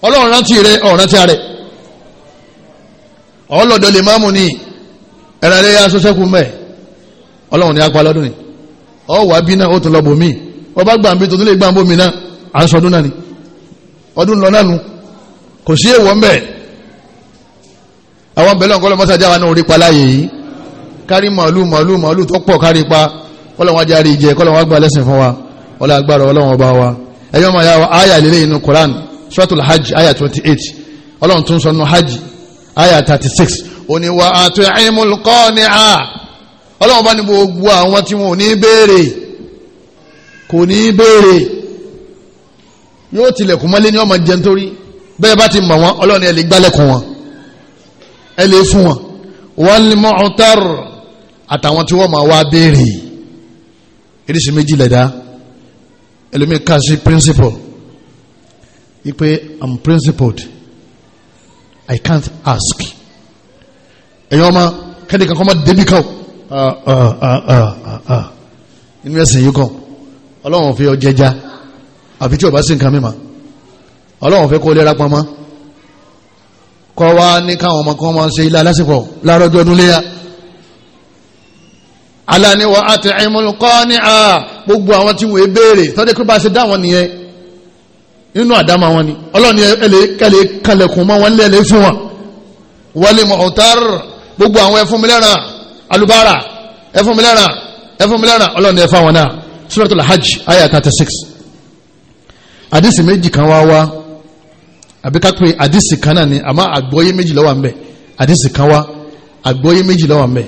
A: ọlọ́run rántí rẹ ọ̀ràn tí a rẹ ọlọ́dọ̀ lè máàmù ní ẹ̀rọ rẹ yá sọ́sẹ́kù mẹ́ ọlọ́run ní apá lọ́dún ni ọ wà bí náà ó tún lọ bòmí ọba gbà bí tuntun lè gbà bòmí náà à ń sọdún náà ni ọdún lọ náà nu kò sí èèwọ̀ mbẹ́ àwọn bẹ̀lẹ̀ ọ̀kọ́ lọ́mọ́sá jáwa náà orí pa láàyè yìí kárí màálù màálù màálù tó pọ̀ kárí pa kọ́lọ́wọ́n ajá rí jẹ kọ́lọ́wọ́n agbá lẹ́sìn fún wa ọlọ́ agbára ọlọ́wọ́n ọba wa ẹ̀yọ́ máa yá wa áyà lélẹ́yìn inú Kùránì suratul hajj ayah twenty eight ọlọ́run tún sọ hajj ayah thirty six òní wà á tó ẹ̀ẹ́mùl qani'a ọlọ́run bá ní gbogbo àwọn tí wọn ò ní béèrè kò ní béèrè yóò tilẹ̀kùn mọ́lé ní ọmọ jẹun torí bẹ́ẹ̀ bá ti mọ̀ wọ́n ọlọ́run ẹ̀ lè gbálẹ̀kùn wọn ẹ̀ lè fún wọn wal mu'tar àtàwọn tí wọ́n máa wá béèrè eréṣin méjì lẹ̀dá principle I am principled i can't ask ẹ̀yọ́ ọmọ kẹ́ni kankan ọmọ débi kan ah, ah, ah, inú ẹ̀sìn yìí kan ọlọ́run fi ọjẹja àfi tí o bá sí nǹkan mímọ́ ọlọ́run fẹ́ kó lera pamọ́ kọ́ wa ní káwọn ọmọ kan máa ń ṣe ilé alásìkò lárọ́jọ́ ọdún léyà aláníwọ̀ àti ẹ̀mọ́lùkọ́ ní a gbogbo àwọn tí wọ́n béèrè tọ́jú pé bá a ṣe dá nìyẹn nínú àdámà wọn ni ọlọ́ni ẹlẹ́kẹ́lẹ́ kalẹ̀kùn mọ́ wọn lẹ́lẹ́ fún wọn wọlé mọ̀ọ́tàr gbogbo àwọn ẹfúnmilẹ́ràn alubára ẹfúnmilẹ́ràn ẹfúnmilẹ́ràn ọlọ́ni ẹfá wọn náà suratul hajj ayah thirty six àdìsí méjì kan wá wá àbí ká pé àdìsí kan náà ni àmọ́ àgbọ́yé méjì ló wà ń bẹ àdìsí kan wá àgbọ́yé méjì ló wà ń bẹ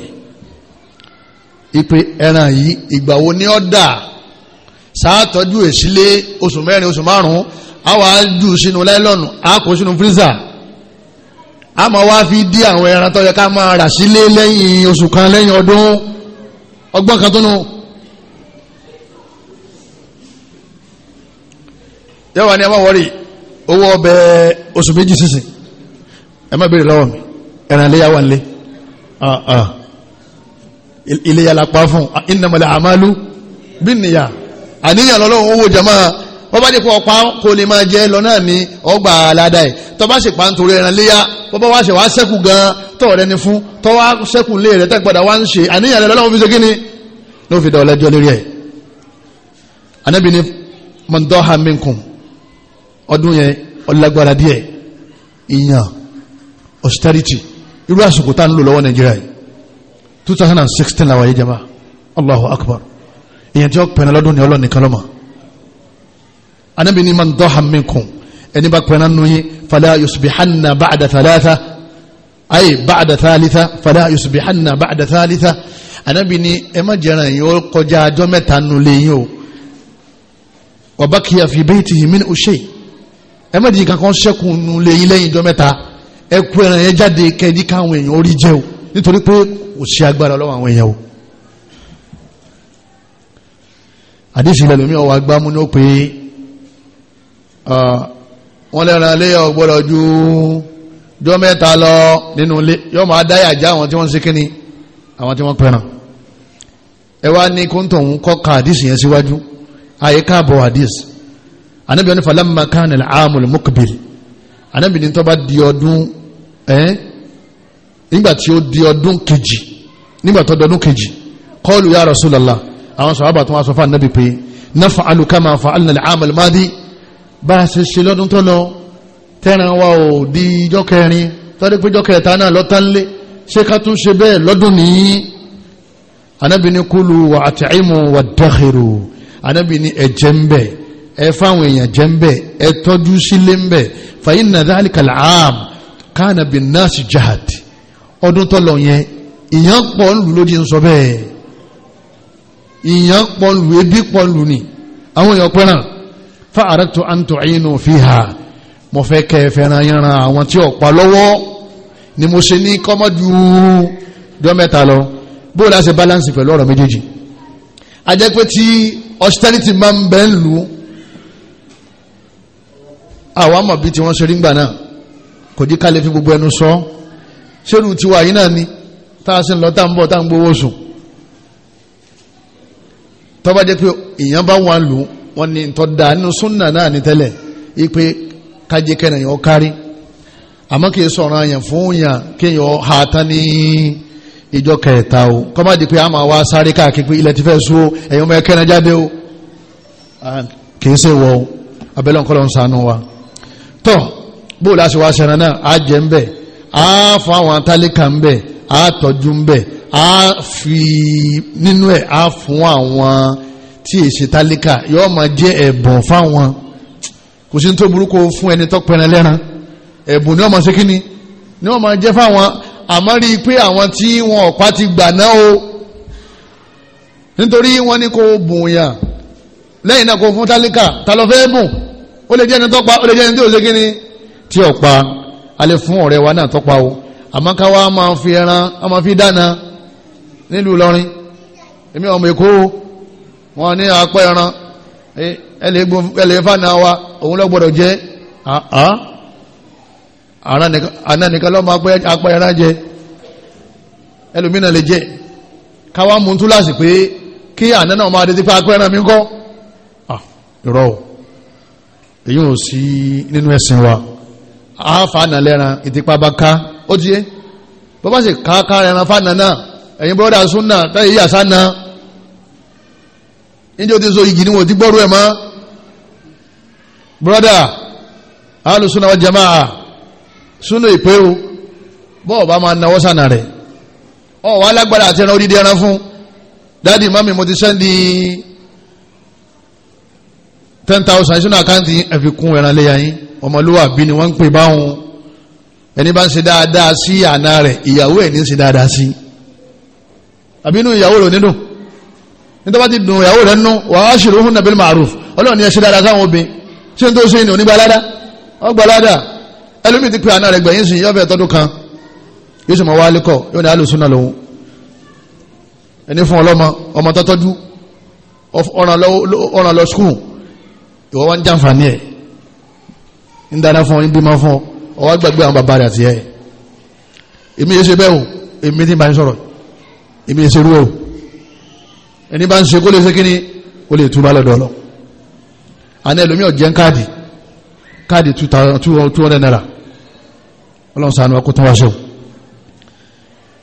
A: ìpè ẹran yìí ìgbà wo ni ó dà sáà tọ́jú èsílé oṣù mẹ́rin oṣù márùn-ún a wà jù sínú láìlọ́nù a kò sínú fírísà a máa wá fi dí àwọn ẹran tó yẹ ká máa rà sílé lẹ́yìn oṣù kan lẹ́yìn ọdún ọgbọ́n kan tó nù. yóò wá ní ẹmọ owó ọbẹ̀ oṣù méjì sísìn ẹ má béèrè lọ́wọ́ mi ẹran iléyà wà nílé ah, ah. iléyà la pa fún innamal a'malu binniya àníyàn lọ́lọ́wọ́ owó jama bọ́ bá dé fún ọ̀pá kò lè máa jẹ́ lọ náà ní ọgbà aládà ẹ̀ tọ́ bá ṣèpá nítorí ẹran léyà bọ́ bá wá ṣe wá sẹ́kù gan tọ́ rẹ ni fún tọ́ wá sẹ́kù lé rẹ tẹ́gbọ́dà wá ń ṣe àníyàn rẹ lọ́wọ́ fi ṣe kíni ló fi dá ọ lórí ẹ̀. anábì ni mọ̀ndọ́ha minkum ọdún yẹn ọlágbára díẹ̀ ìyàn austerity irú àsìkò tá à ń lò lọ́wọ́ nàìjíríà yìí two thousand and sixteen làwọn yìí jẹ́ bá Allahu Akbar ìyẹn tí ó pẹ̀lú ọlọ́dún ni ọlọ́nìkan lọ́mọ anábì ní man dọ́ha minkum ẹni bá pẹ̀lú nínú yín fala yusbihanna ba'da thalatha ayé ba'da thalitha fala yusbihanna ba'da thalitha anábì ní ẹ má jẹran yìí ó kọjá ajọ́ mẹ́ta nù lẹ́yìn o wa baqiya fi baytihi min ushay ẹ má di kankan ṣẹ́kùn nù lẹ́yìn lẹ́yìn ọjọ́ mẹ́ta ẹ kú ẹran yẹn jáde kẹ́ẹ̀dí káwọn èèyàn orí jẹ́ o nítorí pé kò sí agbára lọ́wọ́ àwọn èèyàn o àdéhùn ìlẹ̀ lómi ọ̀wọ́ agbámú ní ó pé wọ́n lẹ́ran ilé ò gbọ́dọ̀ ju jọ́ mẹ́ta lọ nínú ilé yóò máa dáyà já àwọn tí wọ́n ń ṣe kíni àwọn tí wọ́n pẹ̀ràn ẹ wá ní kóńtòun kọ́ ka àdìsí yẹn síwájú àyè káàbọ̀ àdìsí anabi wọn falamma kana al-aamul muqbil anabi ní tó bá di ọdún ẹ́ nígbà tí ó di ọdún kejì nígbà tó di ọdún kejì qalu ya rasulallah àwọn sọ̀rọ̀ àbàtún wa sọ fún anabi pé naf'alu kama fa'alna al-aam al bá a ṣe ṣe lọ́dún tó lọ tẹ́ran wa ò di ijọ́ kẹrin tọ́dé pé ijọ́ kẹta náà lọ́tánlé ṣé ká tún ṣe bẹ́ẹ̀ lọ́dún nìyí Ànábì ní kulu wa àtẹ̀ẹ́mù wa dọ́kẹ̀rù Ànábì ní ẹ̀jẹ̀ ń bẹ̀ ẹ fáwọn èèyàn jẹ́ ń bẹ̀ ẹ tọ́jú sílé ń bẹ̀ fàyín nàdáàlì kàlàm kánàbì náàsì jihad ọdún tó lọ yẹn ìyàn pọ̀ ń lù lójú sọ bẹ́ẹ̀ ìyàn pọ̀ ń lù ebi pọ̀ ń lù ni àwọn èèyàn pẹ́ràn fa àrẹ́tò àǹtọ̀ọ́yìnú fi hà mo fẹ́ kẹ́ fẹ́ràn yànran àwọn tí ọ̀pá lọ́wọ́ ni mo ṣe ní kọ́mọ́dù jọ mẹ́ta lọ bó la ṣe balance pẹ̀lú ọ̀rọ̀ méjèèjì a jẹ́ pé tí austerity máa ń bẹ́ ń lù àwọn àmọ̀ bíi tí wọ́n ṣe rí ńgbà náà kò dí kálẹ̀ fi gbogbo ẹnu sọ ṣérù tiwa yìí náà ni tá a ṣe ń lọ tá a ń bọ̀ tá a ń gbowó sùn tọ́ba jẹ́ pé èèyàn bá wà lù wọ́n ní tọ́ da nínú súnà náà ní tẹ́lẹ̀ ipe kájí kẹ́nìyàn ó kárí àmọ́ kì í sọ̀rọ̀ àyàn fún yàn kéèyàn ha tán ní ìjọ kẹta o kọ́mádìí pé a máa wá sáré káàkiri pé ilẹ̀ ti fẹ́ sú o ẹ̀yin ọmọ ẹ̀kẹ́rin jáde o kì í ṣe wọ o abẹ́lẹ́ ọ̀kọ́ ló sànú wa tọ́ bó láti wá sẹ́ran náà á jẹ́ ń bẹ̀ a fún àwọn atálíkà ń bẹ̀ á tọ́jú ń bẹ̀ á fi nínú ẹ̀ á fún àwọn tí èsì tálíkà yóò máa jẹ́ ẹ̀bùn fáwọn kò sí tó burúkú fún ẹni tó pẹran lẹ́ran ẹ̀bùn ni wọ́n máa ṣe kí ni ni wọ́n máa jẹ́ fáwọn àmọ́ rí i pé àwọn tí wọn ọ̀pá ti gbà náà o nítorí wọ́n ní kó bùn yàn lẹ́yìn náà kó fún tálíkà ta ló fẹ́ bùn ó lè jẹ́ ẹni tó pa ó lè jẹ́ ẹni tó ṣe kí ni tí ò a lè fún ọ̀rẹ́ wa náà tó pa o àmọ́ ká máa fi ẹran máa fi dáná nílùú Ìlọrin èmi ọmọ Èkó o. wọ́n ní apẹ́ ẹran ẹlẹ́ fànà wa òun ló gbọ́dọ̀ jẹ́ àná nìkan lọ́mọ apẹ́ ẹran jẹ ẹlòmínà lè jẹ káwá mú túláàsì pé kí àná náà máa dẹ́tí pé apẹ́ ẹran mi kọ́ ìrọ̀ èyí ò sí nínú ẹ̀sìn wa àáfàánà lẹ́ran ìtìpá bá ká ó tiẹ̀ bọ́ bá sì ká ká ẹran náà ẹ̀yin bọ́dà súnà náà níjẹ́ o ti so igi ni wọ́n ti gbọ́rú ẹ̀ mọ́ broda alùsùnà wa jamaa súnú ìpè o bọ́ọ̀ bá máa nawọ́ sànà rẹ̀ ọ̀ wà lágbára àti ẹran odidi ẹran fún dáàdi mami mo ti sẹ́ndì ten thousand sínú àkáǹtì ẹ̀fikún ẹran lẹ́yà yín ọmọlúwàbí ni wọ́n ń pè báwọn ẹni bá ń ṣe dáadáa sí àná rẹ̀ ìyàwó ẹ̀ ní ń ṣe dáadáa sí àbínú ìyàwó rẹ̀ nídùn nítorí bá ti dùn ìyàwó rẹ̀ nú wàá ṣòro fún nàbẹ́lì màrúf ọlọ́run ni ẹ ṣe dáadáa sáwọn obìnrin ṣé n tó ṣe ni onígbàládà ọgbàládà ẹlòmíì ti pe àná rẹ̀ gbẹ̀yìn sìn yọ́fẹ̀ẹ́ tọdún kan yóò sì mọ wá lẹ́kọ̀ yóò ní alùsùnà lòun ẹni fún ọlọ́mọ ọmọ tọ́tọ́jú ọ̀ràn lọ skul ìwọ wá ń jàǹfààní ẹ̀ ń dára fún ọ ń bímọ fún ọ ọwọ́ gbàgbé àwọn bàbá rẹ̀ àti ẹ̀ èmi yẹn ṣe bẹ́ẹ̀ o èmi ti máa ń sọ̀rọ̀ èmi yẹn ṣe rú ẹ̀ o ẹni bá ń ṣe kó lè ṣe kíni ó lè túbá lọ́dọ̀ lọ àní ẹlòmíì ọ̀jẹ̀ ń káàdì káàdì two hundred naira ọlọ́run sànù wa kó tán wá ṣe o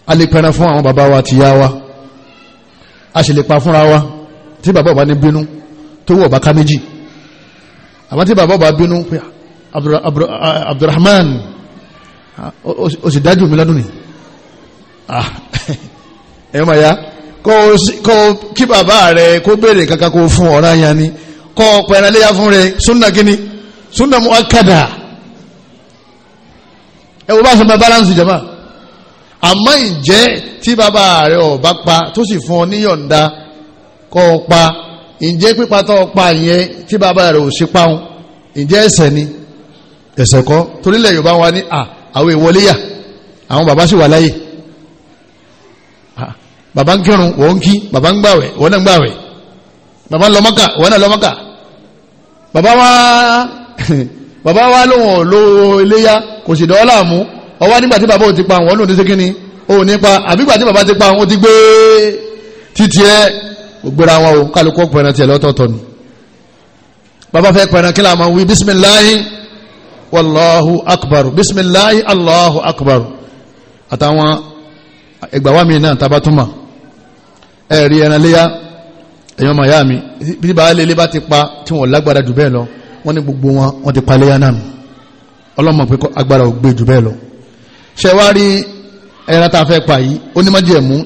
A: a lè pẹran fún àwọn bàbá wa tìyá wa a sì lè pa fúnra wa tí bàbá ọba ní bínú tó wù ọba ká méjì àmọ́ tí bàbá ọba bínú pé Abdulrahman ó sì dájú mi lọ́dún ni ah, *laughs* ẹ̀ máa ya kó kí bàbá rẹ kó béèrè kankan kó fún ọ̀rá yan ni kó pẹ̀rẹ̀ léyà fún rẹ súnà kíni súnà mu akada ẹ wo bá sọ ma balance jama àmọ́ ìjẹ́ tí bàbá rẹ ọba pa tó sì fún ọ níyọ̀ǹda kó o pa ìjẹ́ pípa tó o pa yẹn tí bàbá rẹ ò sí pàun ìjẹ́ ẹsẹ̀ ni ẹsẹ̀ kọ́ torílẹ̀ Yorùbá wa ní àwọn ìwọlé yà àwọn bàbá sì wà láyè bàbá ń kírun wọ́n ń kí bàbá ń gbàwẹ̀ wọ́n náà ń gbàwẹ̀ bàbá ń lọ Mọ́kà wọ́n náà lọ Mọ́kà bàbá wa bàbá wa lóhùn lówó iléyà kò sì dọ́ọ́ láàmú ọwọ́ nígbà tí bàbá ò ti pa àwọn olóòtú sékìní ò ní pa àbígbà tí bàbá ti pa àwọn ti gbé títí ẹ ògbéra wọn o kálukú pẹ̀rẹ̀ tiẹ̀ lọ́tọ̀ọ̀tọ̀ ni bàbá fẹ́ pẹ̀rẹ̀ kí la máa wí bisimilahi wàlláhu akbar bisimilahi allahu akbar àtàwọn ẹgbàwá mi náà tabatuma ẹ̀rí ẹran léyá ẹ̀yàn ọmọ ìyá mi bí bá lè lé bá ti pa tí wọ́n lágbára jù bẹ́ẹ̀ lọ wọ́n ní gbogbo wọn wọ́n ti pa léyá náà nù ọlọ́mọ pé agbára ò gbé jù bẹ́ẹ̀ lọ ṣe wá rí ẹran tá a fẹ́ pa yìí ó ní májẹ̀mú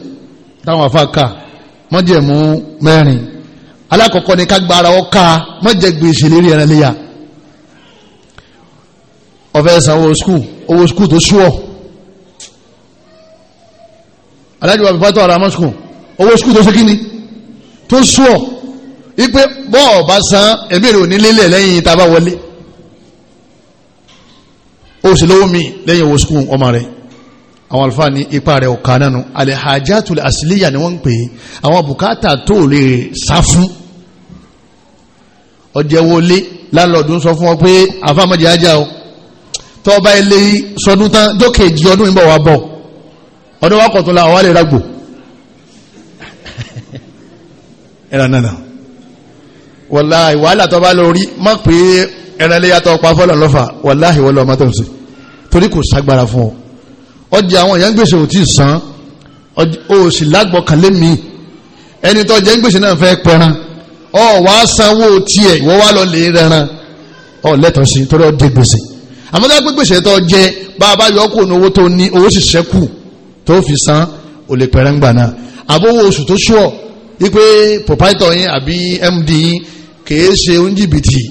A: táwọn afá kà májẹ̀mú mẹ́rin alákọ̀ọ́kọ́ ni kágbára ọ ká mọ́jẹ̀ gbèsè lérí ẹran léyá ọ̀fẹ́ sanwó skul owó skul tó ṣúọ̀ alájọba fífátọ́ ara mọ́ skul owó sukùl tó ṣe kí ni tó sùn ọ́ ipe bọ́ọ̀ bá san ẹ̀mí rẹ̀ ò ní lélẹ̀ lẹ́yìn tá a bá wọlé ó sì lówó mi lẹ́yìn owó sukùl ọmọ rẹ̀ àwọn alfa ní ipa rẹ̀ ọ̀ka nánu alihajatul asiliya ni wọ́n ń pè é àwọn bùkátà tó lè sá fún ọjẹ́ wọlé lálọ́ọ̀dún sọ fún ọ pé àfàmọ́jì ajá o tọ́ ilé sọdún tán dókè jí ọdún ìbọ̀ wà bọ̀ ọdún wa kọ̀tún la àwọn àlè ragbò ẹran náà náà wàláhì wàhálà tó bá lórí má pé ẹran lè yàtọ̀ pa fọ́lọ̀ lọ́fà wàláhì wọ́n lọ́ọ́ mọ́tò sí torí kò ságbára fún ọ ọjà àwọn èèyàn gbèsè ò tí ì san ó sì lágbọ̀kànlé mi ẹni tó jẹ́ gbèsè náà fẹ́ pẹran ọ wàá sanwó tiẹ̀ ìwọ wá lọ lè rẹran ọ lẹ́tọ̀ọ́ sí torí ọ dé gbèsè àmọ́ dá gbèsè tó jẹ bá a bá yọ kó ní tó ní owó sì ṣẹ́kù tó fi san ò pẹran gbà náà àbówó oṣù tó ṣúọ̀ wípé proprietor yín àbí md yín kìí ṣe oníjìbìtì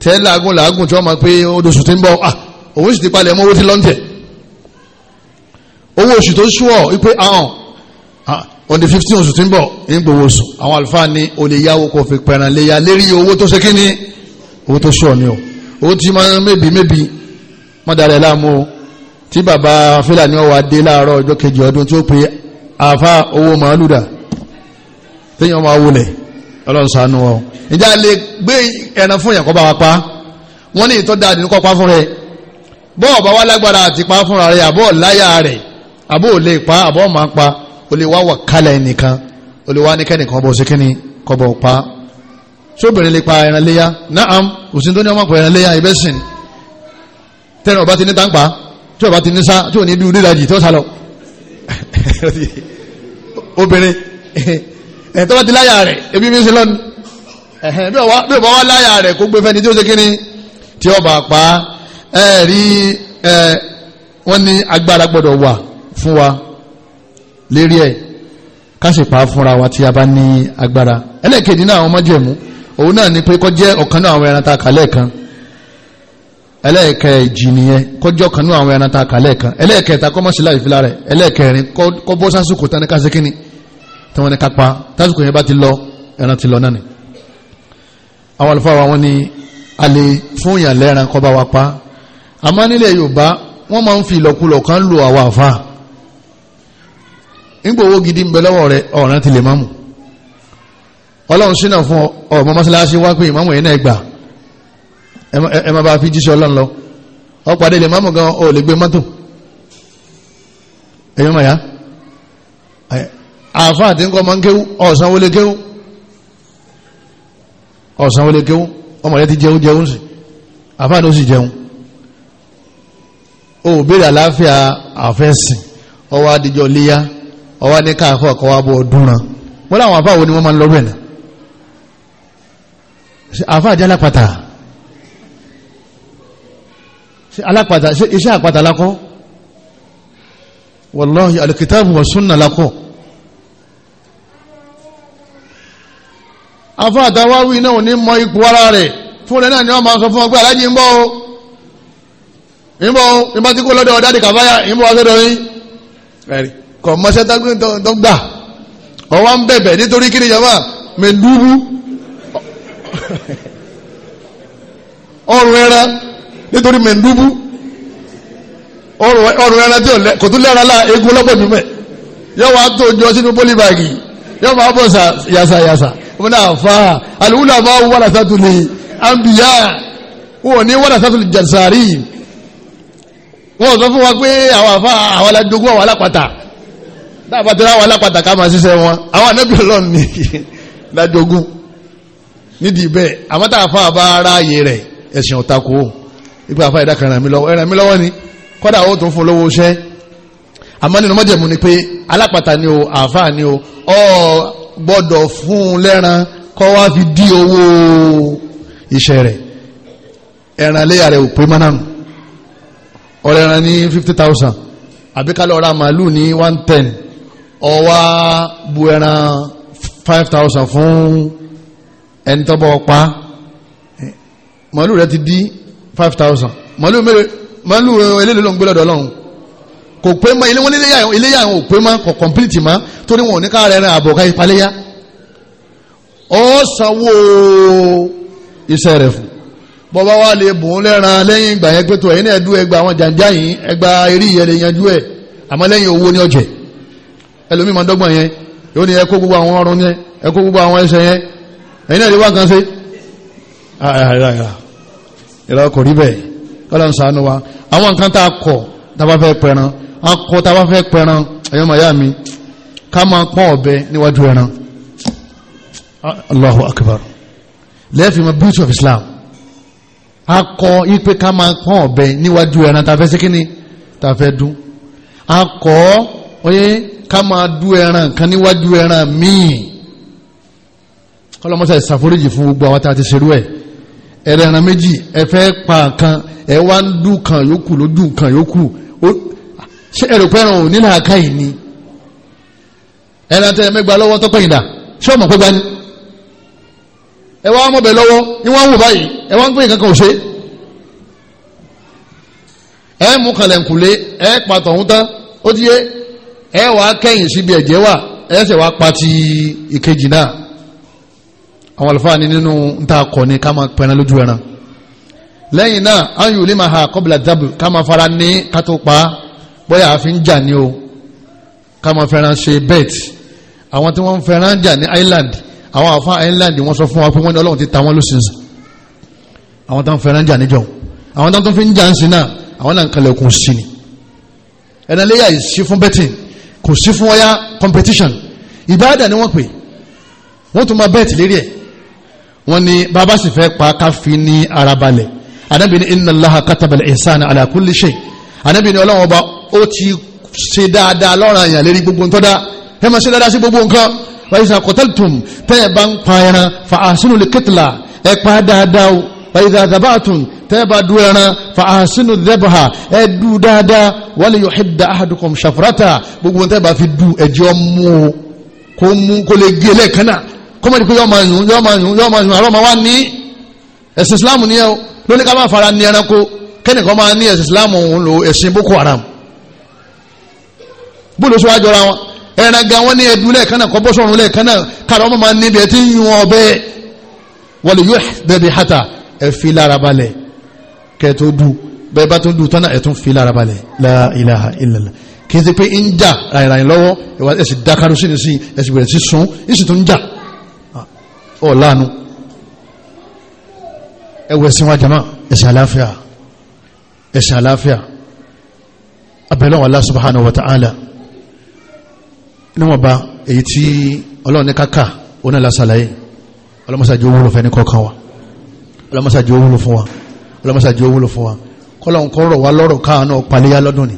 A: tẹ́ làágùn làágùn tí wọ́n máa pé odòṣù tí ń bọ̀ ah òun sì ti palẹ̀ mọ́ owó tí lọ́ńtẹ̀ owó oṣù tó ṣúọ̀ wípé ahọ́n on the fifteen oṣù tí ń bọ̀ ń gbowó oṣù àwọn àlùfáà ní o lè yáwó kó fi pẹ̀ràn lè yá lérí owó tó ṣe kí ni owó tó ṣúọ̀ ni o owó tí máa ń mébì mébì má darẹ̀ láàmú o tí bàbá fúlàní ọwọ́ adé láàárọ̀ ọjọ́ kejì ọdún tí ó pe àfa owó màálù dà téèyàn máa wulẹ̀ ọlọ́run ọ ìjà lè gbé ẹran fún yẹn kọ́ bá wa pa wọ́n ní ìtọ́ dáadé kọ́ pa fún rẹ bọ́ọ̀ bá wá lágbára àti pa fún rẹ àbọ̀ láyà rẹ àbọ̀ ò lè pa àbọ̀ máa pa ò lè wá wà kálẹ̀ nìkan ò lè wá ní kẹ́nìkan sí kọ́ bọ̀ pa sóbìnrin lè pa ẹran léyà naam òsín tó ní ọmọ pa ẹran léyà ibẹ̀ sìn tẹ́lẹ̀ ọba ti ní tí ọba *laughs* ẹ̀ tọ́lá ti láyà rẹ̀ ebi mi ń ṣe lọ́nu ẹ̀hẹ́n bí ọba wa láyà rẹ̀ kó gbé fẹ́ni tí ó ṣe kíni tí ọba pa ẹ̀ rí ẹ̀ wọ́n ní agbára gbọ́dọ̀ wà fún wa lérí ẹ̀ ká sì pa fúnra wa tí a bá ní agbára ẹlẹ́ẹ̀kejì náà àwọn májẹ̀mú òun náà ni pé kó ọ̀kan náà àwọn ẹran tá a kà nìyẹn kó ọ̀kan náà àwọn ẹran tá a kà lẹ́ẹ̀kan ẹlẹ́ẹ̀kẹta kó mọ̀ sí láì fi lára ẹ̀ tí wọ́n ní kápá tásìkò yẹn bá ti lọ ẹran ti lọ náà ni àwọn àlùfáà wa wọ́n ní a lè fún yàn lẹ́ran kọ́ bá wa pa àmọ́ nílẹ̀ Yorùbá wọ́n máa ń fi ìlọkulọ̀ kan lu àwa àfa nígbà owó gidi ń bẹ lọ́wọ́ rẹ ọ̀ràn ti lè má mú ọlọ́run sínà fún ọmọ mọ́sálásí wá pé ìmáàmù yẹn náà gbà ẹ má bá fi jíṣẹ́ ọlọ́run lọ ọ̀pọ̀ àdé lè má mú gan ọ̀ lè gbé mọ́tò ẹ̀yọ́ mọ̀ yá àáfà àti nǹkan máa ń kéwú ọ̀sán wọlé kéwú ọ̀sán wọlé kéwú ọmọ rẹ ti jẹun jẹun sí àáfà ni ó sì jẹun ó béèrè àlàáfíà àfẹ́sìn ọwọ́ adijọ́ léyà ọwọ́ ní káàkó ọkọ̀ wa bọ̀ ọdúnran wọ́n láwọn àáfà wo ni wọ́n máa ń lọ bẹ́ẹ̀ náà àáfà alápàtà alápàtà iṣẹ́ àpàtà lakọ́ wàlláhi alikitaabu wa sunna lakọ́. afọ àtàwáwí náà ò ní mọ ipò ara rẹ̀ fún rẹ̀ náà ni wọ́n máa sọ fún ọ pé aláàjì ń bọ̀ o ń bọ̀ o ń bá ti kó lọ́dọ̀ ọ̀dá di kàbáyà ń bọ̀ ọ̀dọ̀ yín kọ̀ mọ́ṣẹ́ dọ́gba ọwọ́ ń bẹ̀bẹ̀ nítorí kí ni jama mẹ́ndúbú *laughs* ọrùn ẹran nítorí mẹ́ndúbú ọrùn ẹran tí kò tún lẹ́ra láà egun lọ́pọ̀ jùmẹ̀ yọ wá tó jọ sínú pólíbàgì yọ máa bọ̀ yàsà yàsà wọn náà fa àlùwúlà máa wọ wàlà sátúlẹ̀ àǹbíyá wọn ò ní wàlà sátúlẹ̀ jàǹsàárì wọn ò sọ fún wa pé àwọn àfa àwọn alájogún àwọn alápàtà dáàbà tẹ́lá àwọn alápàtà ká máa ṣiṣẹ́ wọn àwọn anábì ọlọ́run ní *laughs* lájogún nídìí bẹ́ẹ̀ àmọ́ tá a fa àbá aráàyè rẹ̀ ẹ̀sìn ọ̀tako ìgbà àfa ìdá kan ràn mí lọ́wọ́ ni kọ́dà ó tún fún lówó iṣẹ́ àmọ́ nínú mọ́jẹ̀mú ni pé alápàtà ni o àfa ni o ọ́ gbọ́dọ̀ fún un lẹ́ran kọ́ wá fi dí owó iṣẹ́ rẹ̀ ẹran léyà rẹ̀ ò pé mánánu ọ̀rẹ́ ẹran ní fifty thousand àbíkálẹ̀ ọ̀rá màálù ní one ten ọwá bu ẹran five thousand fún ẹni tọ́bọ̀ pa màálù rẹ̀ ti dí five thousand màálù eléèlé ló ń gbé lọ́dọ̀ ọlọ́run kò pé mọ́ ilé wọn iléyà iléyà wọn ò pé mọ́ kò complete mọ́ torí wọn ò ní ká rẹ̀ rẹ̀ àbọ̀ ká ìpaléyà ọ sanwó iṣẹ́ rẹ̀ fún bọ́bá wa lè bùn lẹ́ran lẹ́yìn ìgbà yẹn pé tó ẹ̀yin náà dún ẹgbà àwọn jàǹjà yìí ẹgbà eré ìyẹn lè yanjú ẹ̀ àmọ́ lẹ́yìn owó ní ọ̀jẹ̀ ẹlòmíì máa dọ́gbọ̀n yẹn yóò ní ẹ kó gbogbo àwọn ọrùn yẹn ẹ kó gbogbo àwọn ẹsẹ̀ yẹn ẹ̀yin náà lè kan ṣe ìlà kò rí bẹ́ẹ̀ kọ́lá ń sànú wa àwọn nǹkan tá a kọ̀ tá a bá fẹ́ pẹran akọ tá a bá fẹ́ pẹran ẹ̀yọ́ màyá mi ká máa pọ́n ọ̀bẹ níwájú ẹran Allahu Akbar lẹ́ẹ̀fì ma beauty of Islam akọ ipe ká máa pọ́n ọ̀bẹ níwájú ẹran tá a fẹ́ dún akọ oye ká máa dú ẹran kan níwájú ẹran míì kọlọmọsà ìsàforíjì fún gbogbo àwọn tá a ti ṣerú ẹ ẹrẹ méjì ẹ fẹ́ pa kan ẹ wá ń dún kan yòókù lójú kan yòókù ṣé ẹ̀rù pẹ́rùn nile aka káyìí ni ẹran tẹ́ mẹ́gba lọ́wọ́ tó kọ́yìn dà ṣé ọmọ pẹ́gbá ni ẹ wá mọ̀bẹ̀ lọ́wọ́ ni wọ́n ń báyìí ẹ wá ń pín kankan ṣe ẹ mú kàlẹ̀kùlé ẹ ọ̀hún tán ó ti yé ẹ wàá kẹ́yìn síbi ẹ̀jẹ̀ ẹ ni nínú kọ ni ká máa pẹ́ran lójú ẹran lẹ́yìn fara ní ká bóyá àfi ń jà ní o ká máa fẹ́ràn ṣe bet àwọn tí wọ́n ń fẹ́ràn jà ní Island àwọn àfa Island wọ́n sọ fún wa pé wọ́n ní Ọlọ́run ti ta wọ́n lóṣìṣì àwọn tó ń fẹ́ràn jà níjọ àwọn tó ń fi ń jà ń sin náà àwọn náà ń kalẹ̀kùn sí ni ẹ̀nà léyà yìí sí fún betting kò sí fún ọyá competition ìbáàdà ni wọ́n pè wọ́n tún máa bet lérí ẹ̀ wọ́n ní bàbá sì fẹ́ pa káfí ní ara balẹ̀ anábì ní inna Allaha katabal ihsana ala kulli shay anábì ní Ọlọ́run ọba ó ti ṣe dáadáa lọ́ràn àyàn lérí gbogbo nǹkan dá ẹ máa ṣe dáadáa sí gbogbo nǹkan wáyé sàn kọ́tẹ́lùtùm tẹ́ bá ń pa ẹran fa àṣínú lè kẹtìlá ẹ pa dáadáa o wáyé dàdàbàtùn tẹ́ ẹ bá du ẹran fa àṣínú dẹ́bà ẹ du dáadáa wálé yóò hẹ́dà àhàdùkọ̀m ṣàfùrátà gbogbo tẹ́ ẹ bá fi du ẹjọ́ mú o kó mú kó lè gé lẹ́ẹ̀kan náà kó mọ̀ ní pé yọ́ọ́ máa yùn yọ́ọ́ máa yùn yọ́ọ́ máa yùn àrọ́ bóòlù sọ àjọra wọn ẹran gan wọn ní ẹdun lẹ́ẹ̀kan náà kọbọ sọrun lẹ́ẹ̀kan náà kára wọn máa níbi ẹ ti ń yun ọbẹ wọlé yóò bẹbi hata ẹ fi lára balẹ̀ kẹtó du bẹ́ẹ̀ bá tó du tán ẹ tún fi lára balẹ̀ la ilaha kì í ṣe pé ń jà ràyìnrà yìí ìwà ẹ sì sí ni sí ẹ sì sí sun ẹ sì tún jà ọ láàánú ẹ wọ ẹsìn jama ẹsìn àlàáfíà ẹsìn àlàáfíà abẹ́lẹ́wọ̀n Allah subhanahu wa ta'ala níwọ̀n ba èyí tí ọlọ́run ní káka oní lásàlàyé ọlọ́mọsàjì owó ló fẹ́ ní kọ̀ọ̀kan wa ọlọ́mọsàjì owó ló fún wa ọlọ́mọsàjì owó ló fún wa kọ́lọ́n kọ́ rọ̀ wá lọ́rọ̀ káàánú paléyà lọ́dún ni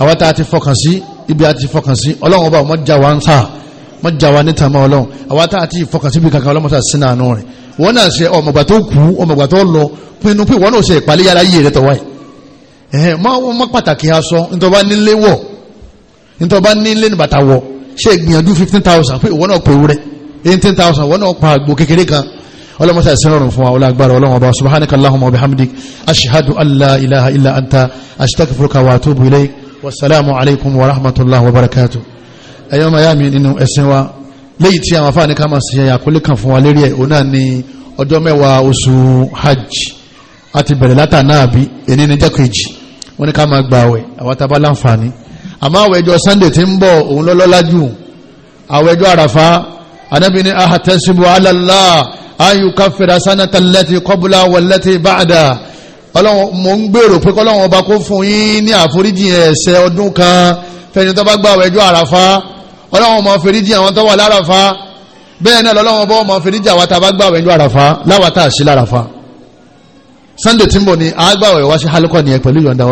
A: àwa tá a ti fọkàn sí ibi a ti fọkàn sí ọlọ́run ọba ọmọ jà wá ń sà mọ jà wá níta mọ ọlọ́run àwa tá a ti fọkàn síbi kankan ọlọ́mọsà sínú àánú rẹ̀ wọn náà ṣe ọmọgbà tó ṣe gbìyànjú fifteen thousand pé ìwọ náà pòwú rẹ eighteen thousand ìwọ náà pa àgbo kékeré kan ọlọ́mọṣẹ́ ìsinrọ̀rùn fún wa ọlọ́gbàrà ọlọ́wọ́n ọba subhanaka allahumma wa bihamdik ashhadu an la ilaha illa anta astaghfiruka wa atubu ilayk wasalaamu alaykum wa rahmatullahi wa barakatuh ẹ̀yọ́ ọmọ ya mi nínú ẹ̀sìn wa léyìí tí àwọn afáàní ká máa ṣe àkólé kan fún wa lérí ẹ̀ òun náà ni ọjọ́ mẹ́wàá oṣù hajj àti bẹ̀rẹ̀ látà náà bí ènìyàn jẹ́ kejì wọ́n ní ká máa gbààwẹ̀ àwọn tábà láǹfààní àmọ́ àwọn ẹjọ́ sunday ti ń bọ̀ òun lọ́lọ́lá jù àwọn ẹjọ́ àràfá anábì ní ahatasibu alala ayu káfíra sanata lẹ́tì kọ́bùlà wọ̀lẹ́tì báàdà ọlọ́run mò ń gbèrò pé kọ́lọ́run ọba kó fún yín ní àforíjì ẹ̀ṣẹ̀ ọdún kan fẹ́ni tó bá gba àwọn ẹjọ́ àràfá ọlọ́run ọmọ fèrèjì àwọn tó wà láràfá bẹ́ẹ̀ náà lọ́lọ́run ọba ọmọ fèrèjì àwọn tá ni àgbà ọ̀yọ́ wá sí hálíkọ́ nìyẹn pẹ̀lú yọ̀ǹda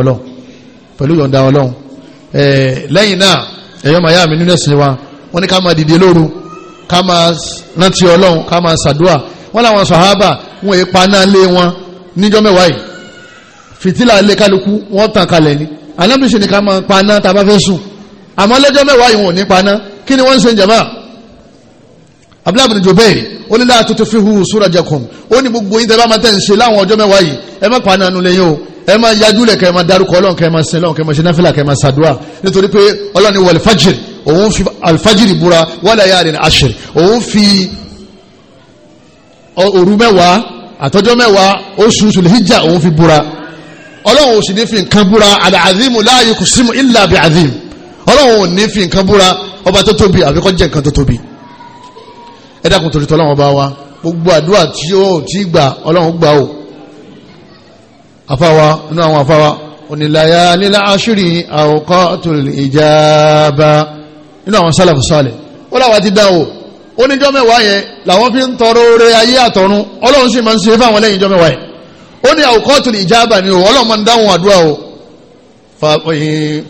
A: pẹ̀lú yọ̀ǹda ọlọ́run Eh, lẹ́yìn náà ẹ̀yọ́ màyá mi nínú ẹ̀sìn wa wọ́n ní ká máa dìde lóru ká máa rántí ọlọ́run ká máa ṣàdúà wọ́n láwọn sàhábà wọ́n èé pa náà lé wọn níjọ́ mẹ́wàá yìí fìtílà lé kálukú wọ́n tàn kalẹ̀ ni anábìsí ni ká máa pa náà tá a bá fẹ́ sùn àmọ́ lẹ́jọ́ mẹ́wàá yìí wọn ò ní pa náà kí ni wọ́n ń ṣe jàmáà abdullahi bin jubair ó ní láti tó fi hu surajakum ó ní gbogbo yín tẹ́lá máa tẹ̀ ń ṣe láwọn ọjọ́ mẹ́wàá yìí ẹ má pa nánú lẹ́yìn o ẹ má yájú lẹ̀ kẹ́ ẹ má darúkọ ọlọ́run kẹ́ ẹ má sin ọlọ́run kẹ́ ẹ má ṣe náfìlà kẹ́ ẹ má ṣàdúrà nítorí pé ọlọ́run ni wọlé fajiri òun fi alfajiri búra wala yalin ashir òun fi òru mẹ́wàá àtọ́jọ́ mẹ́wàá oṣù sùlhíjà òun fi búra ọlọ́run ò sì ní fi nǹkan búra al-azimu la yuqsimu illa bi ọlọ́run ò ní fi nǹkan búra ọba tó tóbi àbíkọ́ jẹ́ nǹkan tó tóbi ẹ dákun torí tọ́lọ́wọ́n bá wa gbogbo àdúrà tí ó ti gbà ọlọ́run gbà ó afáwa inú àwọn afáwa onílàyà nílá aṣírí àwòkọ́ tó lè ìjàmbá inú àwọn sálàfù sálẹ̀ ó láwa ti dá o ó níjọ́ mẹ́wàá yẹn làwọn fi ń tọrọ oore ayé àtọ̀run ọlọ́run sì máa ń ṣe fáwọn lẹ́yìn ìjọ́ yẹn ó ní àwòkọ́ tó ìjàmbá ni o ọlọ́run máa ń dáhùn àdúrà o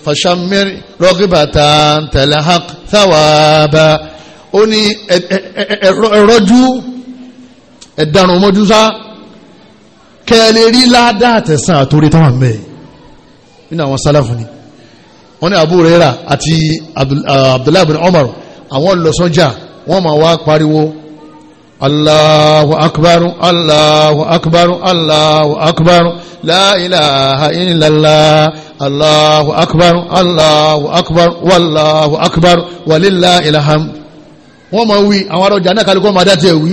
A: fàṣàmìrì rọ́gìbàtà tẹ̀lẹ́hàk sáwàbà ó ní ẹ̀rọ́jú ẹ̀dàrún mọ́júsá kẹ́ẹ̀lẹ́ rí ládàá àtẹ̀sán àtòrí táwọn mẹ́ nínú àwọn sálàfù ni wọ́n ní Abu Huraira àti ah, Abdullahi bin Umar àwọn lọ sọ́jà wọ́n máa wá pariwo Allahu akbar Allahu akbar Allahu akbar la ilaha illallah Allahu akbar Allahu akbar wallahu akbar walillahi alhamd wọ́n máa wí àwọn ará náà kálukọ́ máa dá wí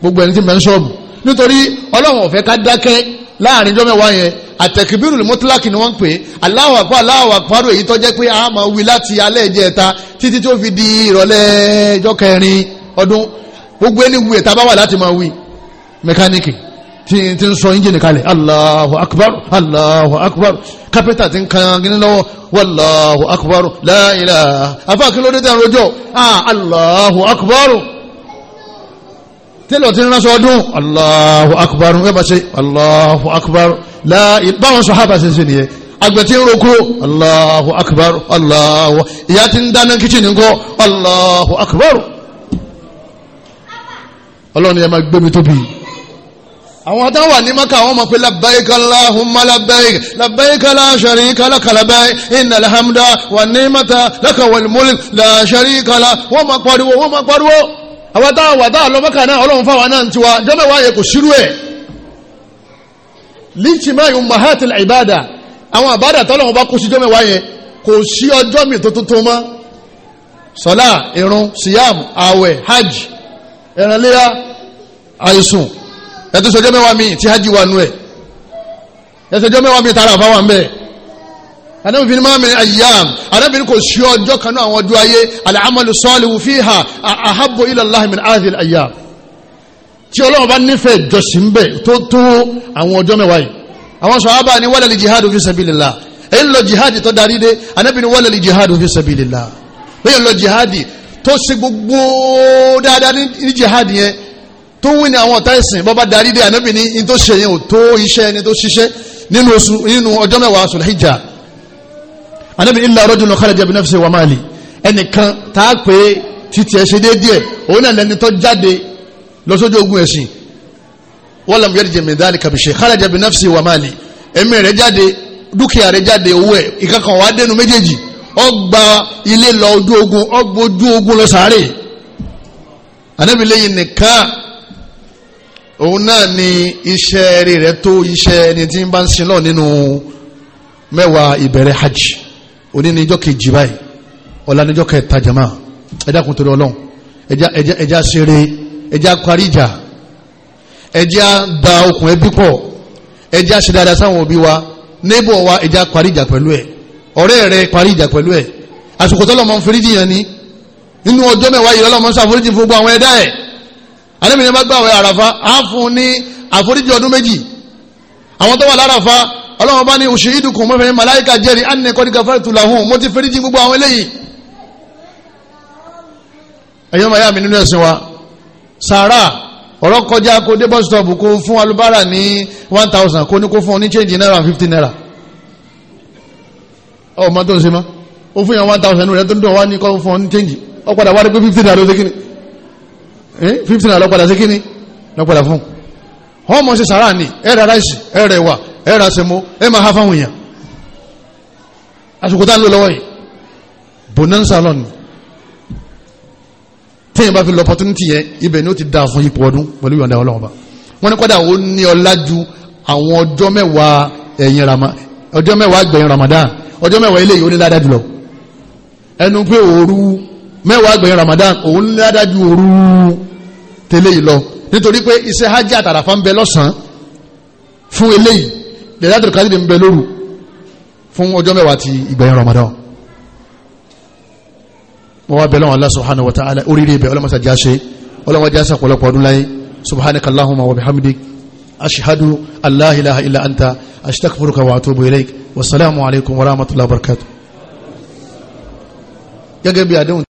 A: gbogbo ẹni tí mẹ́ ń sọ́ọ̀mù nítorí ọlọ́run ọ̀fẹ́ ká dákẹ́ láàrin jọ́ mẹ́wàá yẹn àtẹ̀kìbírù mọ́tíláàkì ni wọ́n ń pè é aláwọ̀ àpá aláwọ̀ àpárò èyí tó jẹ́ pé a máa wí láti alẹ́ ìjẹta títí tó fi di ìrọ̀lẹ́ ọjọ́ kẹrin ọdún gbogbo ẹni wù ẹ̀ bá wà láti máa wí mẹkáníìkì tí tí ń sọ engine kalẹ̀ Allahu akbar Allahu akbar kápẹ́tà ti ń kan gíní lọ́wọ́ Wallahu akbar la ilaha afá kí ló dé tẹ́ àròjọ́ Allahu akbar tẹ́lọ̀ tí ń ránṣọ ọdún Allahu akbar ẹ bá ṣe Allahu akbar báwọn sàhábà ṣe ṣe nìyẹn àgbẹ̀ ń roko Allahu akbar Allahu ìyá tí ń dáná kíchìnì ńkọ́ Allahu akbar ọlọ́run ni máa gbé mi tóbi yìí àwọn tó wà ní maka àwọn ọmọ pé labbaik allahumma labbaik labbaik la sharika laka alhamdu wa hamda wan ni'mata laka wal la sharika lak wọ́n máa pariwo wọ́n máa pariwo àwọn tó wà tó lọ maka náà ọlọ́run fáwọn náà ti wá jọ́mẹ̀wá yẹ kò ṣírú ẹ̀ lijtimai ummahatil ibada àwọn àbádà tọ́lọ́run bá kó sí jọ́mẹ̀wá yẹn kò sí ọjọ́ mi tó tuntun mọ́ sọlá irun siyam àwẹ̀ hajj ẹ̀rànlẹ́yà àìsùn ẹtú sọjọ́ mẹ́wàá mi ti hajj wà nù ẹ̀ ẹsọjọ́ mẹ́wàá mi tààrà fáwọn bẹ́ẹ̀ anábìnrin máa mi ayyam anábìnrin kò sí ọjọ́ kan náà àwọn ọjọ́ ayé al-amalu salihu fiha ahabbu ila Allah min hadhihi al-ayyam tí ọlọ́run bá nífẹ̀ẹ́ jọ̀sìn bẹ́ẹ̀ tó tó àwọn ọjọ́ mẹ́wàá yìí àwọn sọ̀hábà ni wala li jihadu fi sabilillah èyí ń lọ jihadi tó darí dé anábìnrin wala li jihadu fi sabilillah ń lọ jihadi tó ṣe gbogbo dáadáa ní jihadi yẹn tó wí ni àwọn ọ̀tá ìsìn bọ́ bá darí dé ànábì ní in tó ṣe yẹn ò tó iṣẹ́ ẹni tó ṣiṣẹ́ nínú oṣù nínú ọjọ́ mẹ́wàá oṣù hijja ànábì illa rajulun kharaja bi nafsihi wa mali ẹnìkan tá a pé títí ẹ ṣe déédéé òun náà lẹni tó jáde lọ sójú ogun ẹ̀sìn walam yarji min dhalika bi shay kharaja bi nafsihi wa mali ẹ̀mí rẹ̀ jáde òun náà ni iṣẹ́ eré rẹ̀ tó iṣẹ́ ẹni tí ń bá ń sin lọ nínú mẹ́wàá ìbẹ̀rẹ̀ hajj òní ni ijọ́ kejì báyìí ọ̀la ni ijọ́ kẹta jama ẹja kun torí ọlọ́run ẹja ẹja ẹja ṣeré ẹja parí ìjà ẹja da okùn ẹbí pọ̀ ẹja ṣe dáadáa sáwọn òbí wa níbọ̀ wa ẹja parí ìjà pẹ̀lú ẹ̀ ọ̀rẹ́ rẹ̀ parí ìjà pẹ̀lú ẹ̀ àsìkò tọ́lọ́mọ ń yẹn ni nínú ọjọ́ mẹ́wàá yìí ànábì ní bá gbààwẹ̀ àràfà á fún ní àforíjì ọdún méjì àwọn tó wà láràfà ọlọ́run bá ní oṣù ìdùnkùn mọ́fẹ́ màláìka jẹ́rìí ànínẹ́ kọ́ni gafartu lahum mo ti feríjì gbogbo àwọn eléyìí ẹ̀yọ́ màyá mi nínú ẹ̀sìn wa sàárà ọ̀rọ̀ kọjá kó dé bus kó fún alubára ní one thousand kó ní kó fún ọ change naira fifty naira ọ̀ mọ́tò ń mọ́ ó fún yàn one thousand rẹ̀ tó ń dùn wá ní kó fún ọ change ọ padà wá rí pé fifty naira ló dé kíni. Eh, fifty naira lọ́padà sí kíní lọ́padà fún wọn mọ̀ ṣe sàrà ni ẹ ra ra ẹwà ẹ ra sẹmó ẹ máa ha fáwọn èèyàn àsìkò tá ń lò lọ́wọ́ yìí bonanza lọ́nà téèyàn bá fi lọ opportunity yẹn ibẹ̀ ni ó ti da fún ipò ọdún pẹ̀lú ìyọ̀ǹda ọlọ́run ba wọ́n ní kọ́dà ó ní ọlá ju àwọn ọjọ́ mẹ́wàá ẹ̀yìn rama ọjọ́ mẹ́wàá gbẹ̀yìn Ramadan ọjọ́ mẹ́wàá eléyìí ó ní Ramadan òun ní ládàá tẹ́lẹ̀ yìí lọ nítorí pé iṣẹ́ hajj àtàràfà ń bẹ lọ́sàn-án fún eléyìí lẹ́yìn kádìrì ń bẹ lóru fún ọjọ́ mẹ́wàá ti ìgbẹ̀yìn Ramadan wọ́n wá bẹ̀ lọ́wọ́ Allah subhanahu wa ta'ala oríire ibẹ̀ ọlọ́mọsá já ṣe ọlọ́wọ́ já sàpọ̀lọpọ̀ ọdún láyé subhanaka Allahumma wa bihamdik ashhadu an la ilaha illa anta astaghfiruka wa atubu ilaik wasalaamu alaykum wa rahmatullahi wa